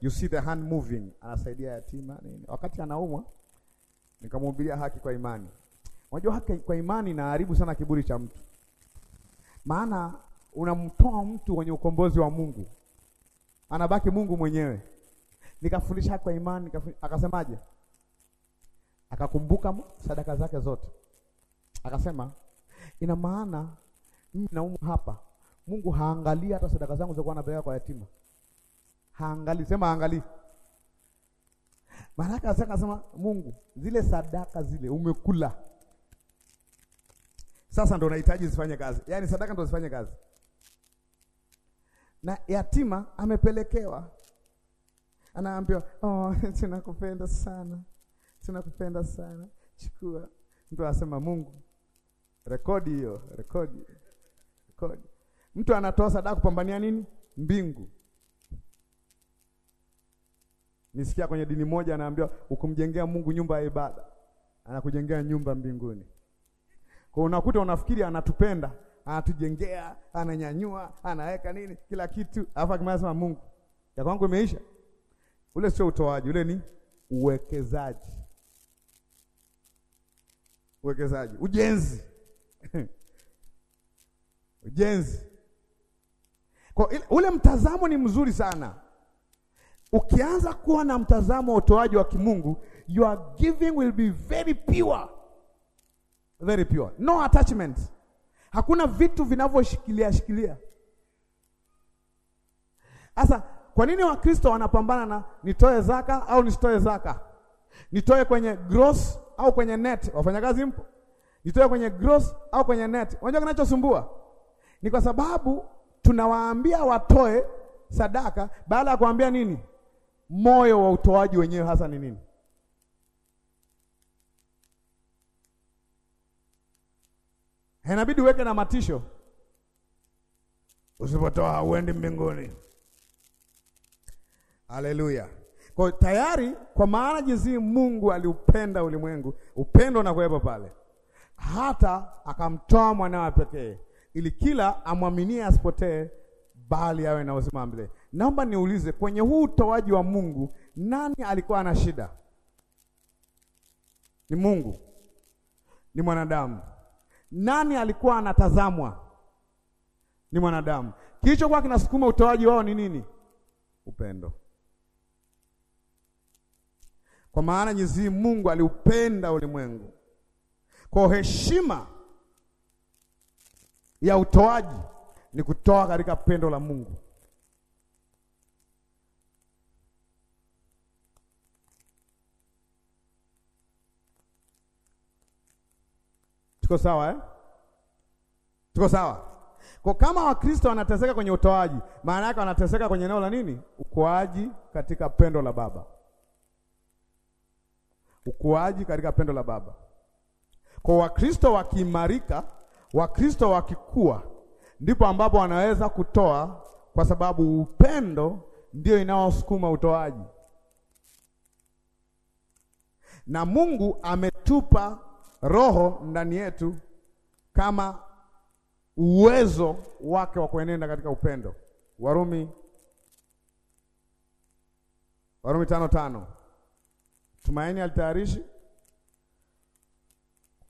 You see the hand moving, anasaidia yatima nini. Wakati anaumwa nikamhubiria haki kwa imani. Unajua haki kwa imani inaharibu sana kiburi cha mtu. Maana unamtoa mtu kwenye ukombozi wa Mungu, anabaki Mungu mwenyewe. Nikafundisha kwa imani akasemaje? Akakumbuka sadaka zake zote, akasema ina maana mimi naumu hapa, Mungu haangalii hata sadaka zangu zilizokuwa napeleka kwa yatima, haangali Sema haangali. maana akasema, Mungu zile sadaka zile umekula, sasa ndo unahitaji zifanye kazi. Yaani sadaka ndo zifanye kazi na yatima amepelekewa, anaambiwa oh, tunakupenda sana, tunakupenda sana, chukua. Mtu anasema Mungu, rekodi hiyo, rekodi, rekodi. Mtu anatoa sadaka kupambania nini? Mbingu. Nisikia kwenye dini moja anaambiwa ukumjengea Mungu nyumba ya ibada, anakujengea nyumba mbinguni. Kwa unakuta unafikiri anatupenda anatujengea, ananyanyua, anaweka nini, kila kitu, alafu akimaliza Mungu ya kwangu imeisha. Ule sio utoaji, ule ni uwekezaji, uwekezaji, ujenzi ujenzi. Kwa ule mtazamo ni mzuri sana. Ukianza kuwa na mtazamo wa utoaji wa kimungu, your giving will be very pure, very pure, no attachment Hakuna vitu vinavyoshikilia shikilia. Sasa kwa nini Wakristo wanapambana na nitoe zaka au nisitoe zaka? Nitoe kwenye gross au kwenye net? Wafanyakazi mpo? Nitoe kwenye gross au kwenye net? Unajua kinachosumbua? Ni kwa sababu tunawaambia watoe sadaka baada ya kuambia nini? Moyo wa utoaji wenyewe hasa ni nini? inabidi uweke na matisho, usipotoa hauendi mbinguni. Haleluya! Kwa tayari, kwa maana jinsi Mungu aliupenda ulimwengu, upendo na kuwepo pale, hata akamtoa mwanawe pekee, ili kila amwaminie asipotee, bali awe na uzima milele. Naomba niulize, kwenye huu utoaji wa Mungu, nani alikuwa na shida? Ni Mungu? Ni mwanadamu? Nani alikuwa anatazamwa? Ni mwanadamu. Kilichokuwa kinasukuma utoaji wao ni nini? Upendo. Kwa maana jinsi Mungu aliupenda ulimwengu, kwa heshima ya utoaji ni kutoa katika pendo la Mungu. Tuko sawa eh? Tuko sawa. Kwa kama Wakristo wanateseka kwenye utoaji, maana yake wanateseka kwenye eneo la nini? Ukuaji katika pendo la Baba, ukuaji katika pendo la Baba. Kwa Wakristo wakiimarika, Wakristo wakikua, ndipo ambapo wanaweza kutoa, kwa sababu upendo ndio inaosukuma utoaji, na Mungu ametupa roho ndani yetu kama uwezo wake wa kuenenda katika upendo. Warumi Warumi tano tano. Tumaini alitayarishi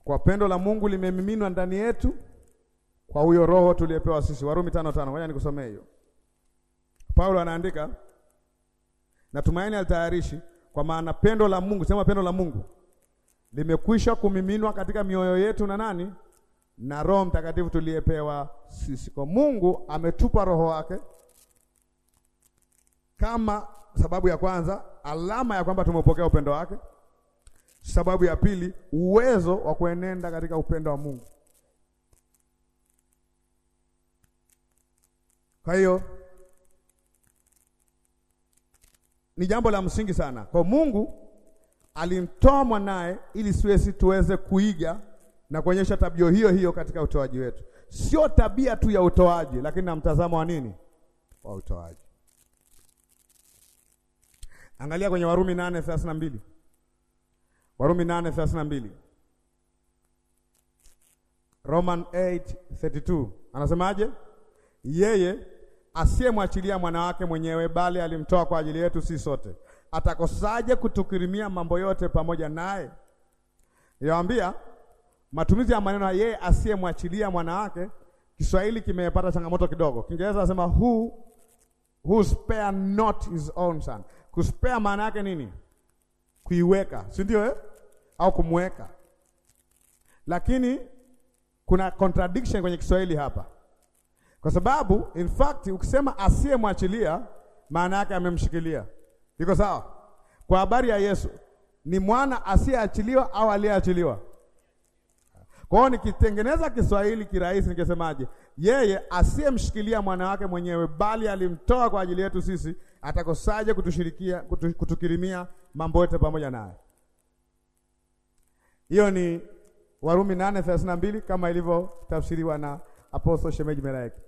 kwa pendo la Mungu limemiminwa ndani yetu kwa huyo roho tuliyepewa sisi. Warumi tano tano. Ngoja nikusomee hiyo. Paulo anaandika na tumaini alitayarishi, kwa maana pendo la Mungu, sema pendo la Mungu limekwisha kumiminwa katika mioyo yetu na nani? Na Roho Mtakatifu tuliyepewa sisi. Kwa Mungu ametupa roho wake kama sababu ya kwanza, alama ya kwamba tumepokea upendo wake. Sababu ya pili, uwezo wa kuenenda katika upendo wa Mungu. Kwa hiyo ni jambo la msingi sana kwa Mungu alimtoa mwanaye ili siwezi tuweze kuiga na kuonyesha tabia hiyo hiyo katika utoaji wetu. Sio tabia tu ya utoaji, lakini na mtazamo wa nini? Wa utoaji. Angalia kwenye Warumi 8:32. Warumi 8:32. Roman 8:32. Anasemaje? Yeye asiyemwachilia mwanawake mwenyewe bali alimtoa kwa ajili yetu si sote atakosaje kutukirimia mambo yote pamoja naye? yawambia matumizi ya maneno yeye asiyemwachilia mwanawake, Kiswahili kimepata changamoto kidogo. Kiingereza nasema who who spare not his own son. Kuspare maana yake nini? Kuiweka, si ndio eh? Au kumweka. Lakini kuna contradiction kwenye Kiswahili hapa, kwa sababu in fact ukisema asiyemwachilia maana yake amemshikilia Iko sawa? Kwa habari ya Yesu ni mwana asiyeachiliwa au aliyeachiliwa. Kwa hiyo nikitengeneza Kiswahili kirahisi nikisemaje Yeye asiyemshikilia mwana wake mwenyewe, bali alimtoa kwa ajili yetu sisi, atakosaje kutushirikia kutu, kutukirimia mambo yote pamoja naye? Hiyo ni Warumi 8:32 kama ilivyotafsiriwa na Apostle Shemeji Meraeki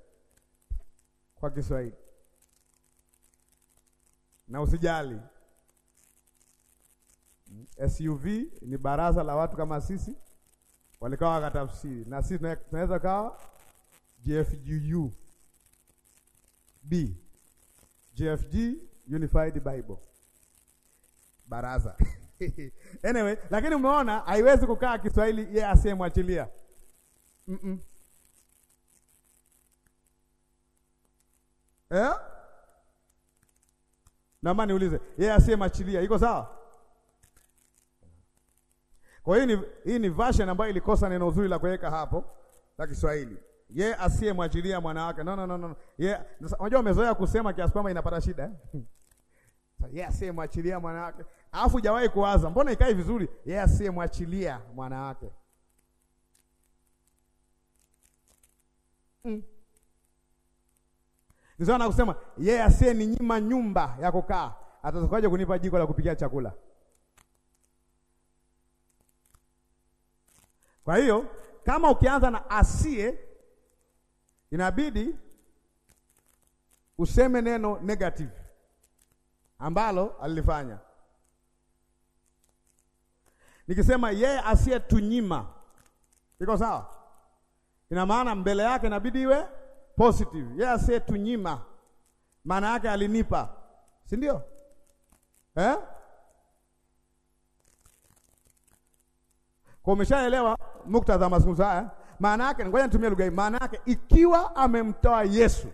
kwa Kiswahili na usijali. SUV ni baraza la watu kama sisi, walikawa wakatafsiri, na sisi tunaweza kawa GFGU B JFG Unified Bible baraza anyway, lakini umeona haiwezi kukaa Kiswahili yeye asiyemwachilia mm -mm. Eh? Naomba niulize, yeye asiyemwachilia iko sawa? Kwa hiyo hii ni version ambayo ilikosa neno zuri la kuweka hapo la Kiswahili. Yeye asiye mwana mwanawake No, no, no, no. Yeye unajua umezoea kusema kiasi kwamba inapata shida eh? Yeye asiyemwachilia mwana wake. Alafu hujawahi kuwaza, mbona ikae vizuri? Yeye asiye mwana mwanawake Mm. Ndio maana kusema yeye yeah, asiye ni nyima nyumba ya kukaa atatokaje kunipa jiko la kupikia chakula? Kwa hiyo kama ukianza na asiye, inabidi useme neno negative ambalo alilifanya. Nikisema yeye yeah, tunyima iko sawa, ina maana mbele yake inabidi iwe positive. Yeye asiyetunyima maana yake alinipa, si ndio? Eh? Kwa umeshaelewa muktadha wa mazungumzo haya. Eh? Maana yake ngoja nitumie lugha hii. Maana yake ikiwa amemtoa Yesu,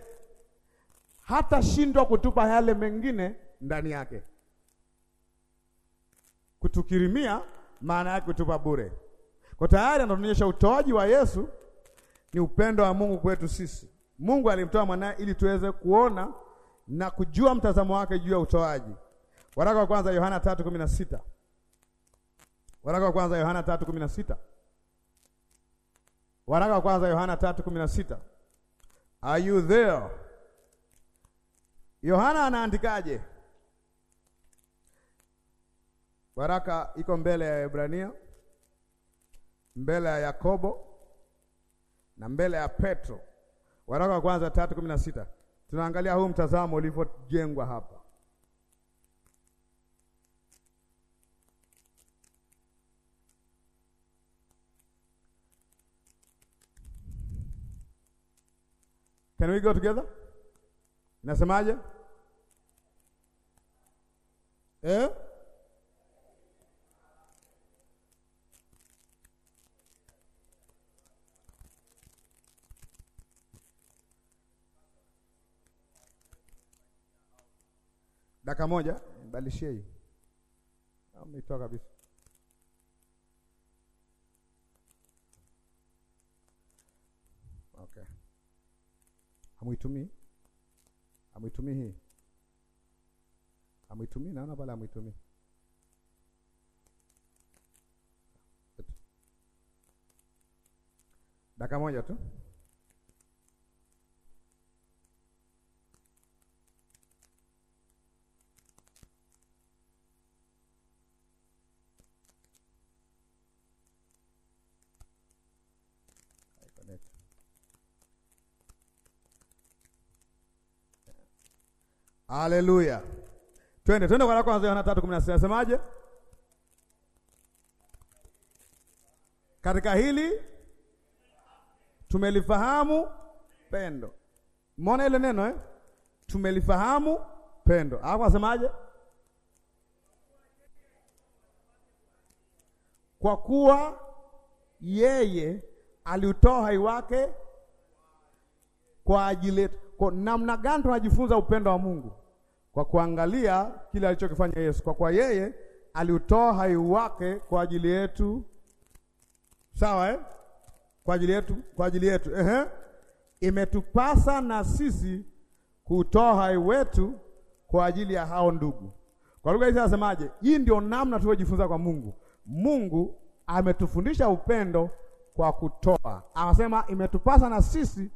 hata shindwa kutupa yale mengine ndani yake. Kutukirimia maana yake kutupa bure. Kwa tayari anatuonyesha utoaji wa Yesu ni upendo wa Mungu kwetu sisi. Mungu alimtoa mwanae ili tuweze kuona na kujua mtazamo wake juu ya utoaji. Waraka wa kwanza Yohana 3:16. Waraka wa kwanza Yohana 3:16. Waraka wa kwanza Yohana 3:16. Are you there? Yohana anaandikaje? Waraka iko mbele ya Ibrania, mbele ya Yakobo na mbele ya Petro. Waraka wa kwanza tatu kumi na sita tunaangalia huu mtazamo ulivyojengwa hapa. Can we go together? Nasemaje? Eh? Dakika moja nibadilishie hii. Umeitoa kabisa. Okay. Hamuitumii? Hamuitumii hii? Hamuitumii? Naona pale hamuitumii. Dakika moja tu. Haleluya. Twende, twende kwa kwanza Yohana 3:16. Nasemaje? Katika hili tumelifahamu pendo. Muone ile neno eh? Tumelifahamu pendo. Hapo asemaje? Kwa kuwa yeye aliutoa uhai wake kwa ajili yetu. Kwa namna gani tunajifunza upendo wa Mungu? kwa kuangalia kile alichokifanya Yesu, kwa kuwa yeye aliutoa hai wake kwa ajili yetu, sawa eh? Kwa ajili yetu, kwa ajili yetu. Ehe, imetupasa na sisi kuutoa hai wetu kwa ajili ya hao ndugu. Kwa lugha hizi anasemaje? Hii ndio namna tuliojifunza kwa Mungu. Mungu ametufundisha upendo kwa kutoa. Anasema imetupasa na sisi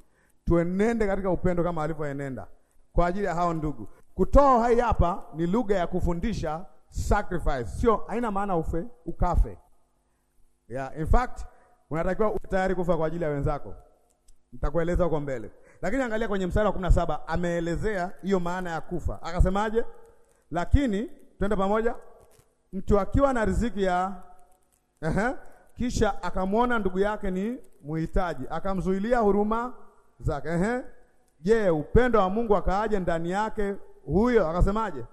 tuenende katika upendo kama alivyoenenda kwa ajili ya hao ndugu. Kutoa uhai hapa ni lugha ya kufundisha sacrifice, sio haina maana ufe ukafe. Yeah, in fact unatakiwa uwe tayari kufa kwa ajili ya wenzako. Nitakueleza huko mbele, lakini angalia kwenye mstari wa kumi na saba ameelezea hiyo maana ya kufa, akasemaje? Lakini twende pamoja, mtu akiwa na riziki ya -huh, kisha akamwona ndugu yake ni muhitaji, akamzuilia huruma zake. Je, upendo wa Mungu akaaje ndani yake huyo akasemaje?